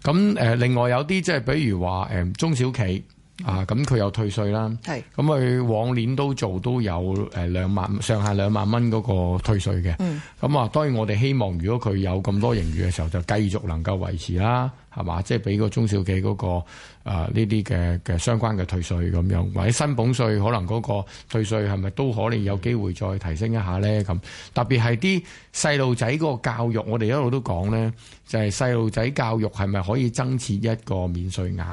S4: 咁誒另外有啲即係比如話誒中小企。啊，咁佢有退稅啦，咁佢是往年都做都有誒兩萬上下兩萬蚊嗰個退稅嘅，咁啊、嗯、當然我哋希望如果佢有咁多盈餘嘅時候，嗯、就繼續能夠維持啦，係嘛？即係俾個中小企嗰個啊呢啲嘅嘅相關嘅退稅咁樣，或者薪俸稅可能嗰個退稅係咪都可能有機會再提升一下咧？咁特別係啲細路仔嗰個教育，我哋一路都講咧，就係細路仔教育係咪可以增設一個免稅額？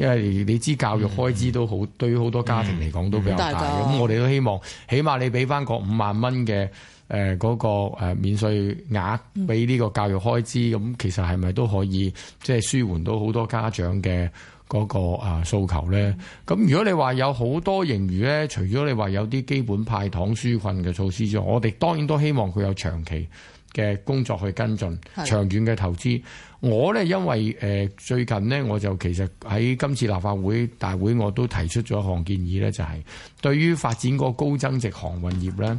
S4: 因為你知教育開支都好、嗯，對於好多家庭嚟講都比較大。咁、嗯嗯嗯、我哋都希望，起碼你俾翻個五萬蚊嘅誒嗰個免稅額俾呢個教育開支，咁、嗯、其實係咪都可以即係舒緩到好多家長嘅嗰個啊訴求咧？咁、嗯、如果你話有好多盈餘咧，除咗你話有啲基本派糖紓困嘅措施之外，我哋當然都希望佢有長期嘅工作去跟進，嗯、長遠嘅投資。我咧，因為誒、呃、最近咧，我就其實喺今次立法會大會，我都提出咗一項建議咧，就係對於發展個高增值航運業咧，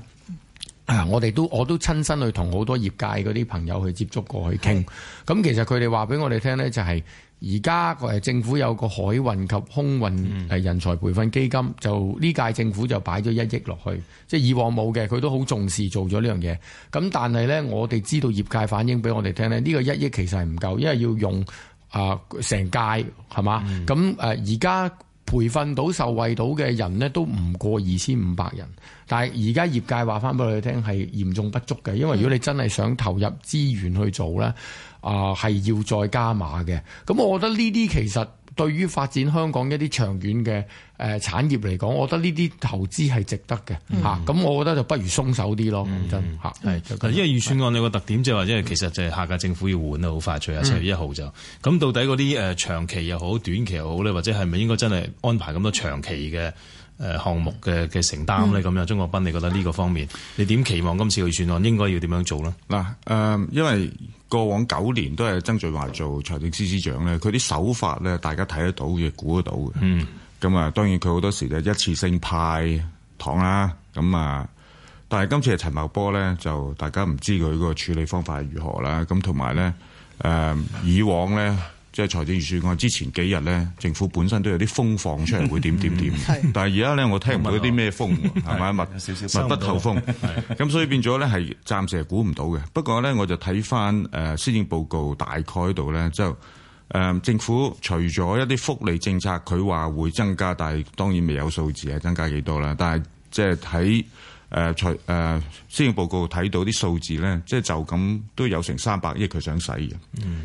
S4: 啊，我哋都我都親身去同好多業界嗰啲朋友去接觸過去傾，咁的其實佢哋話俾我哋聽咧，就係、是。而家誒政府有個海運及空運人才培訓基金，就呢屆政府就擺咗一億落去，即係以往冇嘅，佢都好重視做咗呢樣嘢。咁但係呢，我哋知道業界反映俾我哋聽咧，呢、呢個一億其實係唔夠，因為要用啊成、呃、屆係嘛，咁誒而家培訓到受惠到嘅人呢都唔過二千五百人，但係而家業界話翻俾我哋聽係嚴重不足嘅，因為如果你真係想投入資源去做呢。啊，係、呃、要再加碼嘅，咁我覺得呢啲其實對於發展香港一啲長遠嘅誒、呃、產業嚟講，我覺得呢啲投資係值得嘅嚇。咁、嗯啊、我覺得就不如鬆手啲咯，講真嚇、嗯。係、啊，
S2: 因為預算案有個特點，即係話因為其實就係下屆政府要換得好快脆啊，七月一號就。咁、嗯、到底嗰啲誒長期又好，短期又好咧，或者係咪應該真係安排咁多長期嘅誒項目嘅嘅承擔咧？咁樣、嗯，鍾、嗯、國斌，你覺得
S7: 呢個方面，你點期望今次嘅預算案應該要點樣做咧？嗱，誒，因為過往九年都係曾俊華做財政司司長咧，佢啲手法咧，大家睇得到嘅，估得到嘅。嗯，咁啊，當然佢好多時就一次性派糖啦。咁啊，但係今次係陳茂波咧，就大家唔知佢嗰個處理方法係如何啦。咁同埋咧，誒以往咧。即係財政預算案之前幾日咧，政府本身都有啲風放出嚟，會點點點。但係而家咧，我聽唔到啲咩風，係咪 (laughs) 密 (laughs) 密不透風？咁所以變咗咧，係暫時係估唔到嘅。不過咧，我就睇翻誒施政報告大概度咧，就誒、呃、政府除咗一啲福利政策，佢話會增加，但係當然未有數字係增加幾多啦。但係即係喺誒，財誒、啊，施政報告睇到啲數字咧，即係就咁都有成三百億佢想使嘅，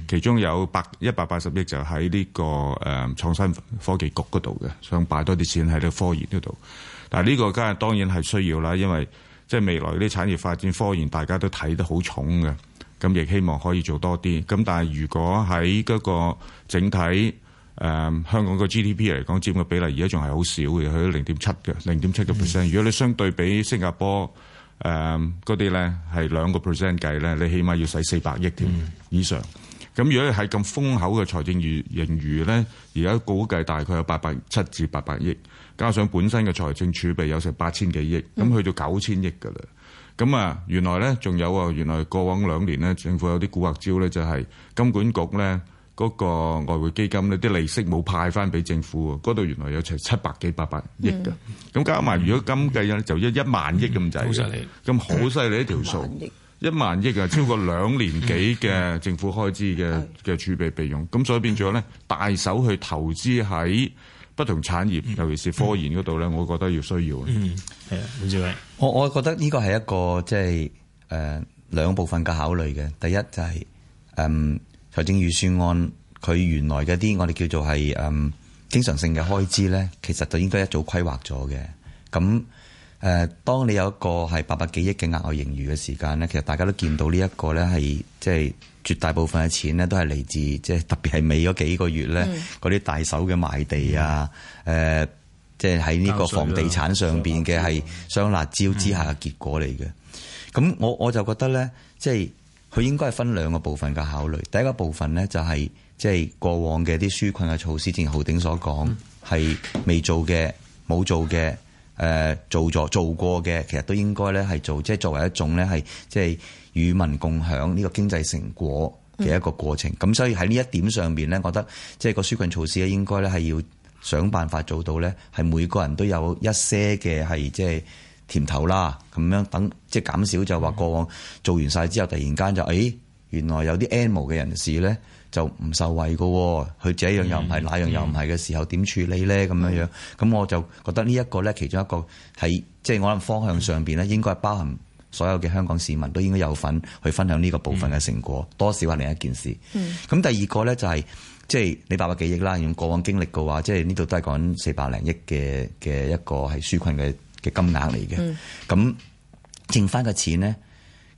S7: 其中有百一百八十億就喺呢個誒創新科技局嗰度嘅，想擺多啲錢喺呢個科研嗰度。嗱、啊，呢、呢個梗係當然係需要啦，因為即係未來啲產業發展，科研大家都睇得好重嘅，咁亦希望可以做多啲。咁但係如果喺嗰個整體，誒、嗯、香港個 GDP 嚟講佔嘅比例，而家仲係好少嘅，去到零點七嘅零點七個 percent。嗯、如果你相對比新加坡誒嗰啲咧，係兩個 percent 計咧，你起碼要使四百億添以上。咁、嗯、如果係咁豐厚嘅財政餘盈餘咧，而家估計大概有八百七至八百億，加上本身嘅財政儲備有成八千幾億，咁去到九千億㗎喇。咁啊，原來咧仲有啊，原來過往兩年咧，政府有啲古惑招咧，就係金管局咧。嗰個外匯基金咧，啲利息冇派翻俾政府喎，嗰度原來有成七百幾八百億嘅，咁、嗯、加埋如果咁計咧，就一、是、一萬億咁滯，咁、嗯、好犀利一條數，一萬億啊，超過兩年幾嘅政府開支嘅嘅儲備備用，咁、嗯、所以變咗咧，嗯、大手去投資喺不同產業，嗯、尤其是科研嗰度咧，我覺得要需要嗯。嗯，係啊，我、嗯、我
S6: 覺得呢個係一個即係誒兩部分嘅考慮嘅，第一就係、是、嗯。嗯財政預算案佢原來嗰啲我哋叫做係誒、嗯、經常性嘅開支呢，其實就應該一早規劃咗嘅。咁誒、呃，當你有一個係八百幾億嘅額外盈餘嘅時間呢，其實大家都見到呢一個呢，係即係絕大部分嘅錢呢，都係嚟自即係特別係尾嗰幾個月呢嗰啲大手嘅賣地啊，誒即係喺呢個房地產上面嘅係雙辣招之下嘅結果嚟嘅。咁我我就覺得呢，即係。佢應該係分兩個部分嘅考慮，第一個部分呢，就係即係過往嘅啲紓困嘅措施，正如浩鼎所講，係、嗯、未做嘅、冇做嘅、誒做咗、做過嘅，其實都應該咧係做，即、就、係、是、作為一種呢係即係與民共享呢個經濟成果嘅一個過程。咁、嗯、所以喺呢一點上邊呢，我覺得即係個紓困措施咧，應該咧係要想辦法做到呢，係每個人都有一些嘅係即係，就是甜頭啦，咁樣等即係減少就話過往做完晒之後，突然間就誒、哎、原來有啲 M 嘅人士呢，就唔受惠嘅喎，佢這樣又唔係，那樣、嗯、又唔係嘅時候點、嗯、處理呢？咁樣樣？咁、嗯、我就覺得呢一個呢，其中一個係即係我諗方向上邊呢，應該係包含所有嘅香港市民都應該有份去分享呢個部分嘅成果，嗯、多少係另一件事。咁、嗯、第二個呢，就係即係你八百幾億啦，用過往經歷嘅話，即係呢度都係講四百零億嘅嘅一個係紓困嘅。嘅金額嚟嘅，咁剩翻嘅錢呢，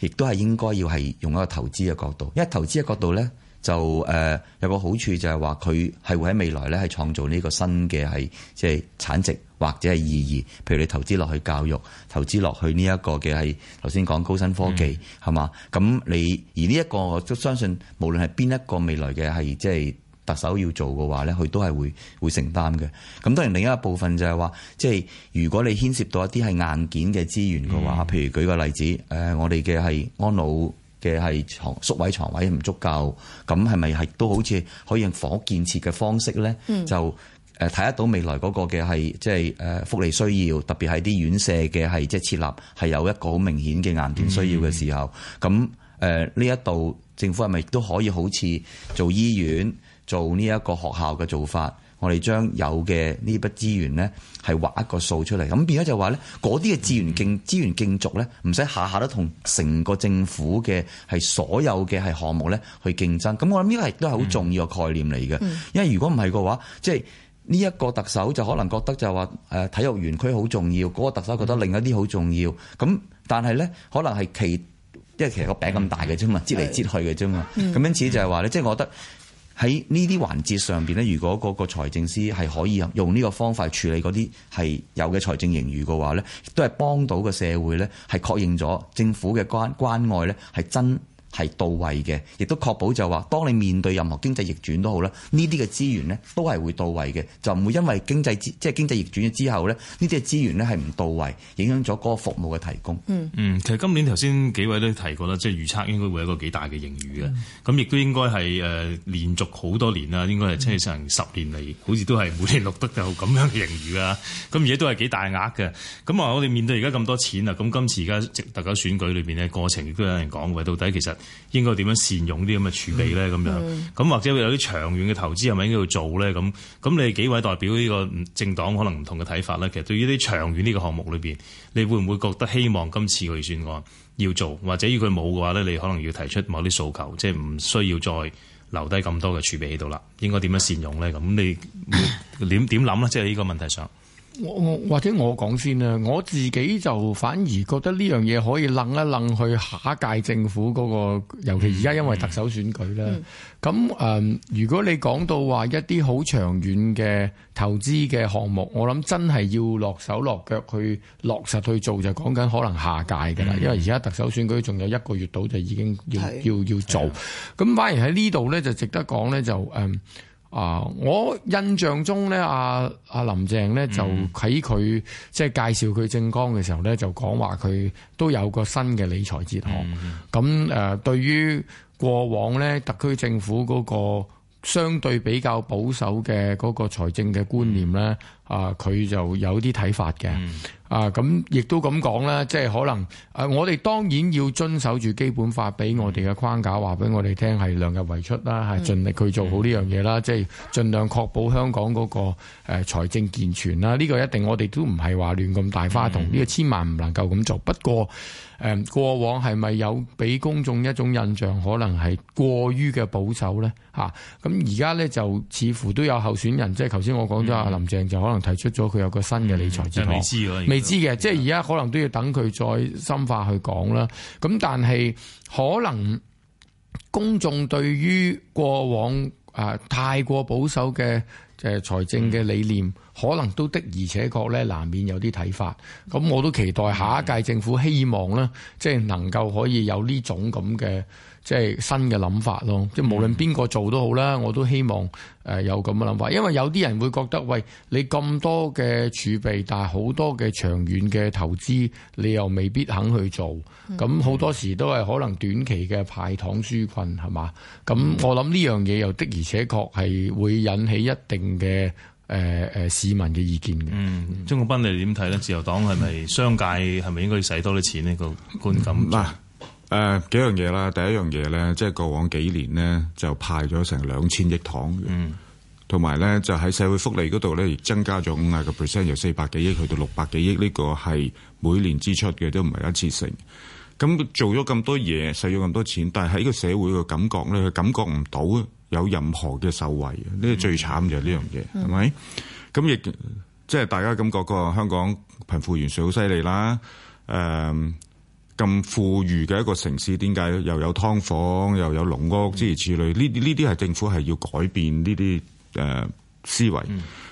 S6: 亦都係應該要係用一個投資嘅角度，因為投資嘅角度呢，就誒、呃、有個好處就係話佢係會喺未來呢，係創造呢個新嘅係即係產值或者係意義，譬如你投資落去教育，投資落去呢一個嘅係頭先講高新科技，係嘛、嗯？咁你而呢一個我都相信，無論係邊一個未來嘅係即係。就是特首要做嘅話，咧，佢都係會會承擔嘅。咁當然另一部分就係話，即係如果你牽涉到一啲係硬件嘅資源嘅話，嗯、譬如舉個例子，誒、呃，我哋嘅係安老嘅係牀宿位床位唔足夠，咁係咪係都好似可以用火建設嘅方式咧？嗯、就誒睇得到未來嗰個嘅係即係誒福利需要，特別係啲院舍嘅係即係設立係有一個好明顯嘅硬件需要嘅時候，咁誒呢一度政府係咪都可以好似做醫院，做呢一個學校嘅做法，我哋將有嘅呢筆資源呢係劃一個數出嚟。咁變咗就話呢嗰啲嘅資源競資源競逐呢，唔使下下都同成個政府嘅係所有嘅係項目呢去競爭。咁我諗呢個係都係好重要嘅概念嚟嘅。因為如果唔係嘅話，即係呢一個特首就可能覺得就話誒體育園區好重要，嗰、那個特首覺得另一啲好重要。咁但係呢，可能係其因為其實個餅咁大嘅啫嘛，摺嚟摺去嘅啫嘛。咁的因此就係話呢，即、就、係、是、我覺得。喺呢啲環節上邊咧，如果個財政司係可以用呢個方法處理嗰啲係有嘅財政盈餘嘅話咧，都係幫到個社會咧，係確認咗政府嘅關關愛咧係真。係到位嘅，亦都確保就話，當你面對任何經濟逆轉都好啦。呢啲嘅資源呢，都係會到位嘅，就唔會因為經濟即係經濟逆轉咗之後呢，呢啲嘅資源呢係唔到位，影響咗嗰個服務嘅提
S2: 供。嗯，嗯，其實今年頭先幾位都提過啦，即係預測應該會有一個幾大嘅盈餘嘅，咁亦都應該係誒、呃、連續好多年啦，應該係即係成十年嚟，嗯、好似都係每年錄得就咁樣嘅盈餘啊。咁而家都係幾大額嘅。咁啊，我哋面對而家咁多錢啊，咁今次而家大家選舉裏邊嘅過程亦都有人講嘅，到底其實。應該點樣善用啲咁嘅儲備咧？咁樣咁或者會有啲長遠嘅投資係咪應該要做咧？咁咁你幾位代表呢個政黨可能唔同嘅睇法？咧，其實對於啲長遠呢個項目裏邊，你會唔會覺得希望今次預算案要做，或者如果佢冇嘅話咧，你可能要提出某啲訴求，即係唔需要再留低咁多嘅儲備喺度啦，應該點樣善用咧？咁你點點
S4: 諗咧？即係 (laughs) 呢個問題上？我我或者我講先啦，我自己就反而覺得呢樣嘢可以楞一楞去下一屆政府嗰、那個，尤其而家因為特首選舉啦。咁誒、嗯呃，如果你講到話一啲好長遠嘅投資嘅項目，我諗真係要落手落腳去落實去做，就講緊可能下屆噶啦，因為而家特首選舉仲有一個月到就已經要、嗯、要要，要做，咁、嗯、反而喺呢度咧就值得講咧就誒。呃啊！我印象中咧，阿、啊、阿、啊、林鄭咧、嗯、就喺佢即係介紹佢政綱嘅時候咧，就講話佢都有個新嘅理財哲學。咁誒、嗯呃，對於過往咧特區政府嗰個相對比較保守嘅嗰個財政嘅觀念咧，嗯、啊，佢就有啲睇法嘅。嗯啊，咁、嗯、亦都咁講啦，即係可能，誒、呃，我哋當然要遵守住基本法，俾我哋嘅框架話俾我哋聽，係量入為出啦，係盡力去做好呢樣嘢啦，嗯、即係盡量確保香港嗰、那個誒、呃、財政健全啦。呢、這個一定我哋都唔係話亂咁大花筒，呢、這個千萬唔能夠咁做。不過，誒、呃、過往係咪有俾公眾一種印象，可能係過於嘅保守呢？嚇、啊，咁而家呢，就似乎都有候選人，即係頭先我講咗阿林鄭，就可能提出咗佢有個新嘅理財之道。未知嘅，即係而家可能都要等佢再深化去講啦。咁但係可能公眾對於過往啊、呃、太過保守嘅誒財政嘅理念，嗯、可能都的而且確咧，難免有啲睇法。咁我都期待下一屆政府希望咧，嗯、即係能夠可以有呢種咁嘅。即係新嘅諗法咯，即係無論邊個做都好啦，嗯、我都希望誒、呃、有咁嘅諗法，因為有啲人會覺得，喂，你咁多嘅儲備，但係好多嘅長遠嘅投資，你又未必肯去做，咁好、嗯、多時都係可能短期嘅派糖紓困，係嘛？咁我諗呢樣嘢又的而且確係會引起一定嘅誒誒市民嘅意見嘅。嗯，鍾、嗯、國斌你點睇咧？自由黨係咪商界係咪應該要使多啲
S7: 錢呢？這個觀感嗱。嗯誒、呃，幾樣嘢啦，第一樣嘢咧，即係過往幾年咧就派咗成兩千億糖，嗯，同埋咧就喺社會福利嗰度咧，亦增加咗五十個 percent，由四百幾億去到六百幾億，呢個係每年支出嘅，都唔係一次性。咁做咗咁多嘢，使咗咁多錢，但係喺個社會嘅感覺咧，佢感覺唔到有任何嘅受惠，呢個、嗯、最慘就係呢樣嘢，係咪、嗯？咁亦、嗯、即係大家感覺個香港貧富懸殊好犀利啦，誒、呃。咁富裕嘅一個城市，點解又有劏房又有農屋之類？呢啲呢啲係政府係要改變呢啲誒思維，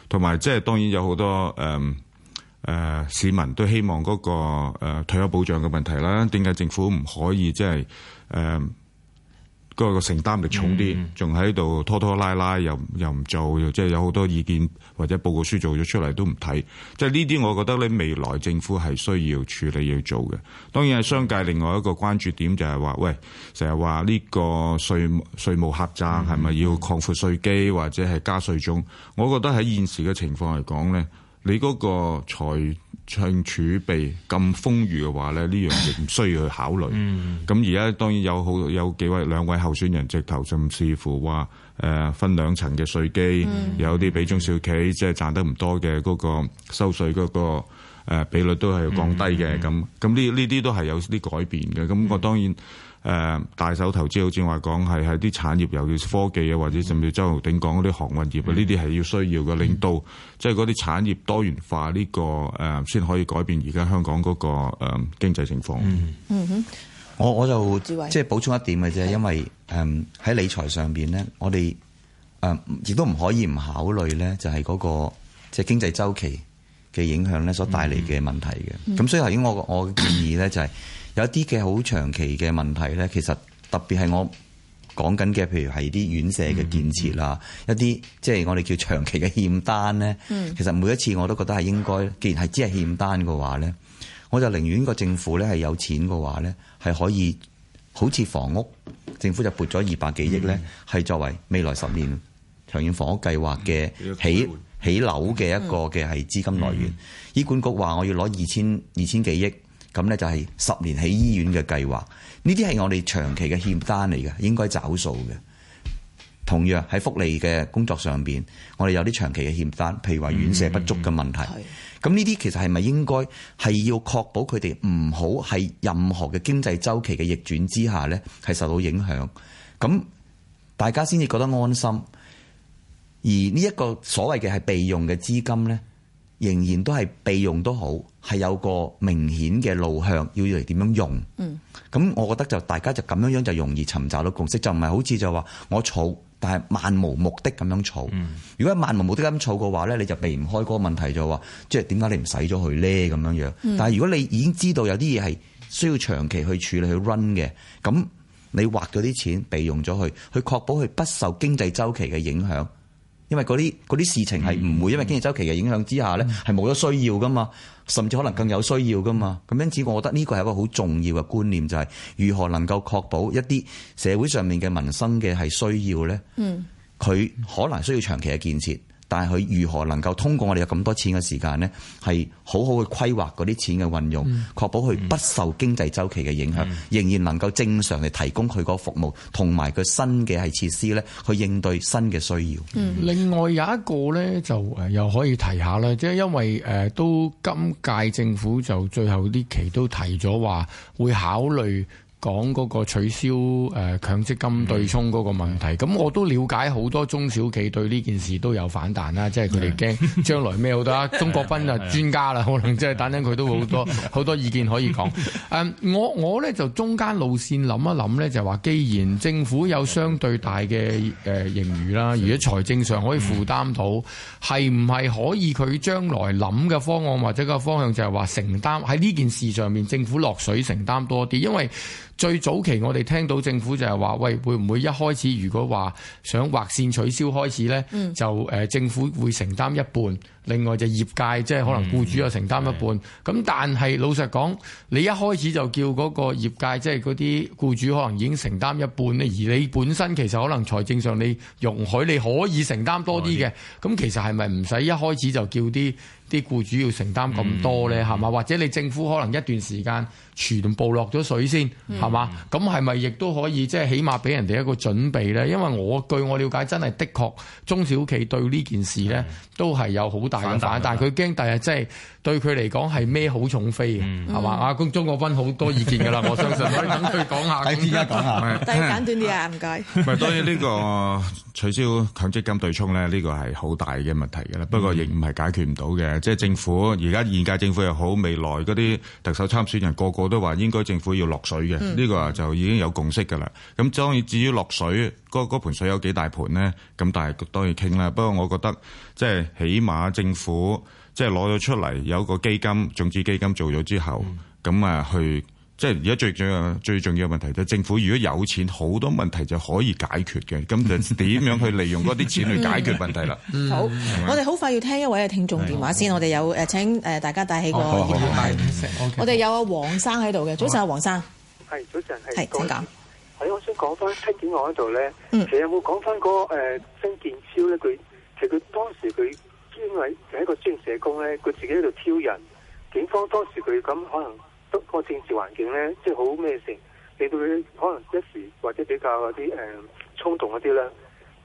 S7: 同埋即係當然有好多誒誒、嗯嗯、市民都希望嗰個誒退休保障嘅問題啦。點解政府唔可以即係誒？嗯個承擔力重啲，仲喺度拖拖拉拉，又又唔做，即係有好多意見或者報告書做咗出嚟都唔睇，即係呢啲，我覺得咧未來政府係需要處理要做嘅。當然係商界另外一個關注點就係話，喂，成日話呢個稅稅務狹窄，係咪要擴闊稅基或者係加稅種？我覺得喺現時嘅情況嚟講咧，你嗰個財趁儲備咁豐裕嘅話咧，呢樣嘢唔需要去考慮。咁而家當然有好有幾位兩位候選人直頭甚至乎話誒分兩層嘅稅基，嗯、有啲俾中小企即係賺得唔多嘅嗰個收稅嗰個比率都係降低嘅咁。咁呢呢啲都係有啲改變嘅。咁我當然。嗯嗯誒、呃、大手投資，好似話講係喺啲產業，尤其是科技啊，或者甚至周浩鼎講嗰啲航運業啊，呢啲係要需要嘅領導，即係嗰啲產業多元化呢、這個誒，先、呃、可以改變而家香港嗰、那個誒、呃、經濟情況。嗯哼、嗯，我我就即係補充一點嘅啫，因為誒喺、呃、理
S6: 財上邊咧，我哋誒、呃、亦都唔可以唔考慮咧、那個，就係、是、嗰、那個即係、就是、經濟周期嘅影響咧，所帶嚟嘅問題嘅。咁、嗯嗯、所以頭先我我建議咧就係、是。有一啲嘅好長期嘅問題呢，其實特別係我講緊嘅，譬如係啲院舍嘅建設啦，嗯、一啲即係我哋叫長期嘅欠單呢。嗯、其實每一次我都覺得係應該，既然係只係欠單嘅話呢，我就寧願個政府呢係有錢嘅話呢，係可以好似房屋政府就撥咗二百幾億呢，係、嗯、作為未來十年長遠房屋計劃嘅起起樓嘅一個嘅係資金來源。醫、嗯嗯、管局話我要攞二千二千幾億。咁呢就係十年起醫院嘅計劃，呢啲係我哋長期嘅欠單嚟嘅，應該找數嘅。同樣喺福利嘅工作上邊，我哋有啲長期嘅欠單，譬如話院舍不足嘅問題。咁呢啲其實係咪應該係要確保佢哋唔好係任何嘅經濟周期嘅逆轉之下呢係受到影響？咁大家先至覺得安心。而呢一個所謂嘅係備用嘅資金呢，仍然都係備用都好，係有個明顯嘅路向，要嚟點樣用。咁、嗯、我覺得就大家就咁樣樣就容易尋找到共識，就唔係好似就話我儲，但係漫無目的咁樣儲。嗯、如果漫無目的咁儲嘅話咧，你就避唔開嗰個問題就話，即係點解你唔使咗佢咧咁樣樣。但係如果你已經知道有啲嘢係需要長期去處理去 run 嘅，咁你劃咗啲錢備用咗佢，去確保佢不受經濟周期嘅影響。因為嗰啲啲事情係唔會因為經濟周期嘅影響之下呢係冇咗需要噶嘛，甚至可能更有需要噶嘛。咁因此，我覺得呢個係一個好重要嘅觀念，就係、是、如何能夠確保一啲社會上面嘅民生嘅係需要咧，佢可能需要長期嘅建設。但係佢如何能夠通過我哋有咁多錢嘅時間呢？係好好去規劃嗰啲錢嘅運用，確保佢不受經濟週期嘅影響，仍然能夠正常嚟提供佢個服務同埋佢新嘅係
S4: 設施呢去應對新嘅需要。嗯，另外有一個呢，就誒又可以提下啦，即係因為誒都今屆政府就最後呢期都提咗話會考慮。講嗰個取消誒強積金對沖嗰個問題，咁、嗯、我都了解好多中小企對呢件事都有反彈啦，嗯、即係佢哋驚將來咩好多啊。鍾、嗯、國斌啊，專家啦，嗯、可能即係等單佢都好多好、嗯、多意見可以講。誒、嗯，我我咧就中間路線諗一諗呢，就係話，既然政府有相對大嘅誒盈餘啦，如果財政上可以負擔到，係唔係可以佢將來諗嘅方案或者個方向就係話承擔喺呢件事上面政府落水承擔多啲，因為，最早期我哋聽到政府就係話，喂，會唔會一開始如果話想劃線取消開始呢？嗯、就誒、呃、政府會承擔一半。另外就業界即係可能雇主又承擔一半，咁、嗯、但係老實講，你一開始就叫個業界即係嗰啲雇主可能已經承擔一半咧，而你本身其實可能財政上你容許你可以承擔多啲嘅，咁以其實係咪唔使一開始就叫啲啲雇主要承擔咁多咧？係嘛、嗯？或者你政府可能一段時間全部落咗水先，係嘛、嗯？咁係咪亦都可以即係、就是、起碼俾人哋一個準備咧？因為我據我了解，真係的確中小企對呢件事咧都係有好大。但係佢驚第日真係對佢嚟講係咩好重非。嘅、嗯，嘛？阿、啊、鍾國斌好多意見㗎啦，我相信可以等佢講下。等 (laughs) 一下講一下，第一簡短啲啊，唔該。咪
S7: 當然呢個取消強積金對沖咧，呢、這個係好大嘅問題㗎啦。不過亦唔係解決唔到嘅，即係、嗯、政府而家現屆政府又好，未來嗰啲特首參選人個個都話應該政府要落水嘅，呢、這個就已經有共識㗎啦。咁當然至於落水嗰盆水有幾大盤咧，咁但係當然傾啦。不過我覺得即係起碼政政府即係攞咗出嚟，有個基金，種子基金做咗之後，咁啊、嗯、去，即係而家最重要、最重要嘅問題就係政府如果有錢，好多問題就可以解決嘅。咁點樣去利用嗰啲錢去解決問題啦？
S5: 好，我哋好快要聽一位嘅聽眾電話先，好好我哋有誒，請誒大家帶起個耳筒，我哋有阿黃生喺度嘅，早晨阿黃生，係早
S9: 晨，係請講，喺我先講翻七點我喺度咧，其實有冇講翻嗰個誒曾、呃、建超咧，佢其實佢當時佢。因為係一個專業社工咧，佢自己喺度挑人，警方當時佢咁可能得個政治環境咧，即係好咩事，你對佢可能一時或者比較嗰啲誒衝動一啲咧，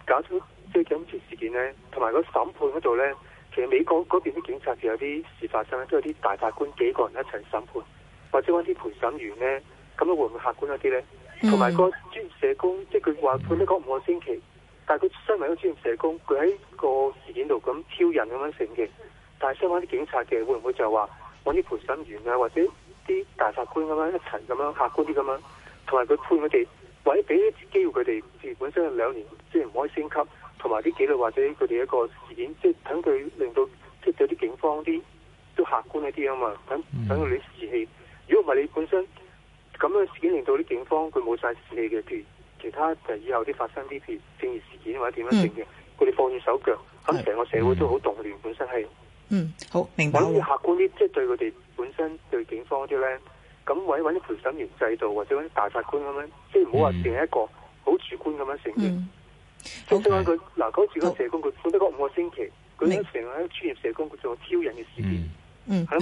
S9: 搞出即係警察事件咧，同埋個審判嗰度咧，其實美國嗰邊啲警察就有啲事發生咧，都有啲大法官幾個人一齊審判，或者揾啲陪審員咧，咁會唔會客觀一啲咧？同埋個專業社工，即係佢話判一個五個星期。但係佢身為一個專業社工，佢喺個事件度咁挑釁咁樣承認。但係相反啲警察嘅，會唔會就話揾啲陪審員啊，或者啲大法官咁、啊、樣一層咁樣客觀啲咁樣？同埋佢判佢哋，或者俾啲機會佢哋，本身兩年即係唔可以升級，同埋啲紀律，或者佢哋一個事件，即係等佢令到即係有啲警方啲都客觀一啲啊嘛。等等佢啲士氣，如果唔係你本身咁樣事件令到啲警方佢冇晒士氣嘅團。其他就以後啲發生啲事政治事件或者點樣性嘅，佢哋、嗯、放住手腳，咁成、嗯、個社會都好動亂，本身係。嗯，
S8: 好，明白。客
S9: 觀啲，即係的對佢哋本身對警方啲咧，咁揾揾啲陪審員制度或者揾啲大法官咁樣，嗯、即係唔好話剩係一個好主觀咁樣成嘅。即係話佢嗱，嗰時嗰社工佢做得嗰五個星期，佢都成為一專業社工，佢做挑釁嘅事件。白嗯，好，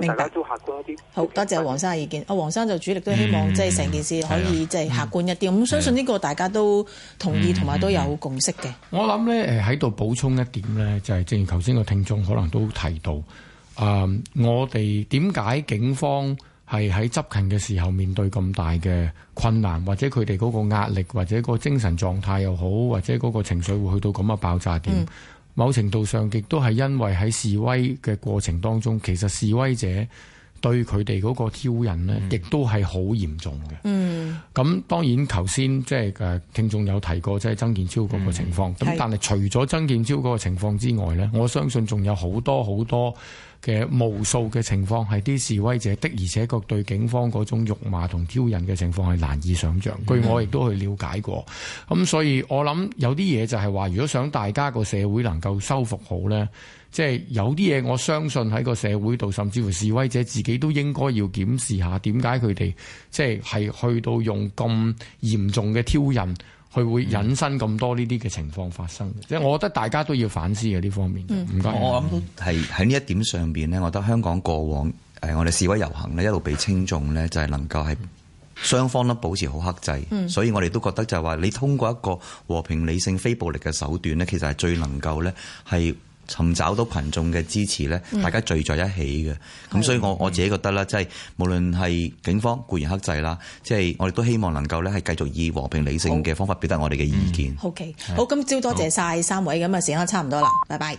S9: 明白都客觀一
S5: 啲。好，多謝黃生嘅意見。阿黃生就主力都希望即係成件事可以即係客觀一啲。咁、嗯嗯、相信呢個大家都同意同埋都有共識嘅。
S4: 我諗咧誒喺度補充一點咧，就係、是、正如頭先個聽眾可能都提到啊、呃，我哋點解警方係喺執勤嘅時候面對咁大嘅困難，或者佢哋嗰個壓力，或者個精神狀態又好，或者嗰個情緒會去到咁嘅爆炸點？嗯某程度上，亦都係因為喺示威嘅過程當中，其實示威者對佢哋嗰個挑釁呢，亦都係好嚴重嘅。嗯，咁當然頭先即係誒聽眾有提過即係曾建超嗰個情況，咁、嗯、但係除咗曾建超嗰個情況之外呢，我相信仲有好多好多。嘅無數嘅情況係啲示威者的，而且確對警方嗰種辱罵同挑釁嘅情況係難以想像。據我亦都去了解過，咁 (laughs) 所以我諗有啲嘢就係話，如果想大家個社會能夠修復好呢，即係有啲嘢我相信喺個社會度，甚至乎示威者自己都應該要檢視下點解佢哋即係係去到用咁嚴重嘅挑釁。佢會引申咁多呢啲嘅情況發生，即係、嗯、我覺得大家都要反思嘅呢方面。唔該，我諗係
S6: 喺呢一點上邊呢，我覺得香港過往誒我哋示威遊行呢一路被稱重呢，就係、是、能夠係雙方都保持好克制，嗯、所以我哋都覺得就係話你通過一個和平理性非暴力嘅手段呢，其實係最能夠呢係。尋找到群眾嘅支持咧，大家聚在一起嘅，咁、嗯、所以我我自己覺得啦，即係無論係警方固然克制啦，即係我哋都希望能夠咧係繼續以和平理性嘅方法表達好我哋嘅意見。嗯、
S5: o、okay. K，是好，今朝多謝晒三位，咁啊好時間差唔多啦，拜拜。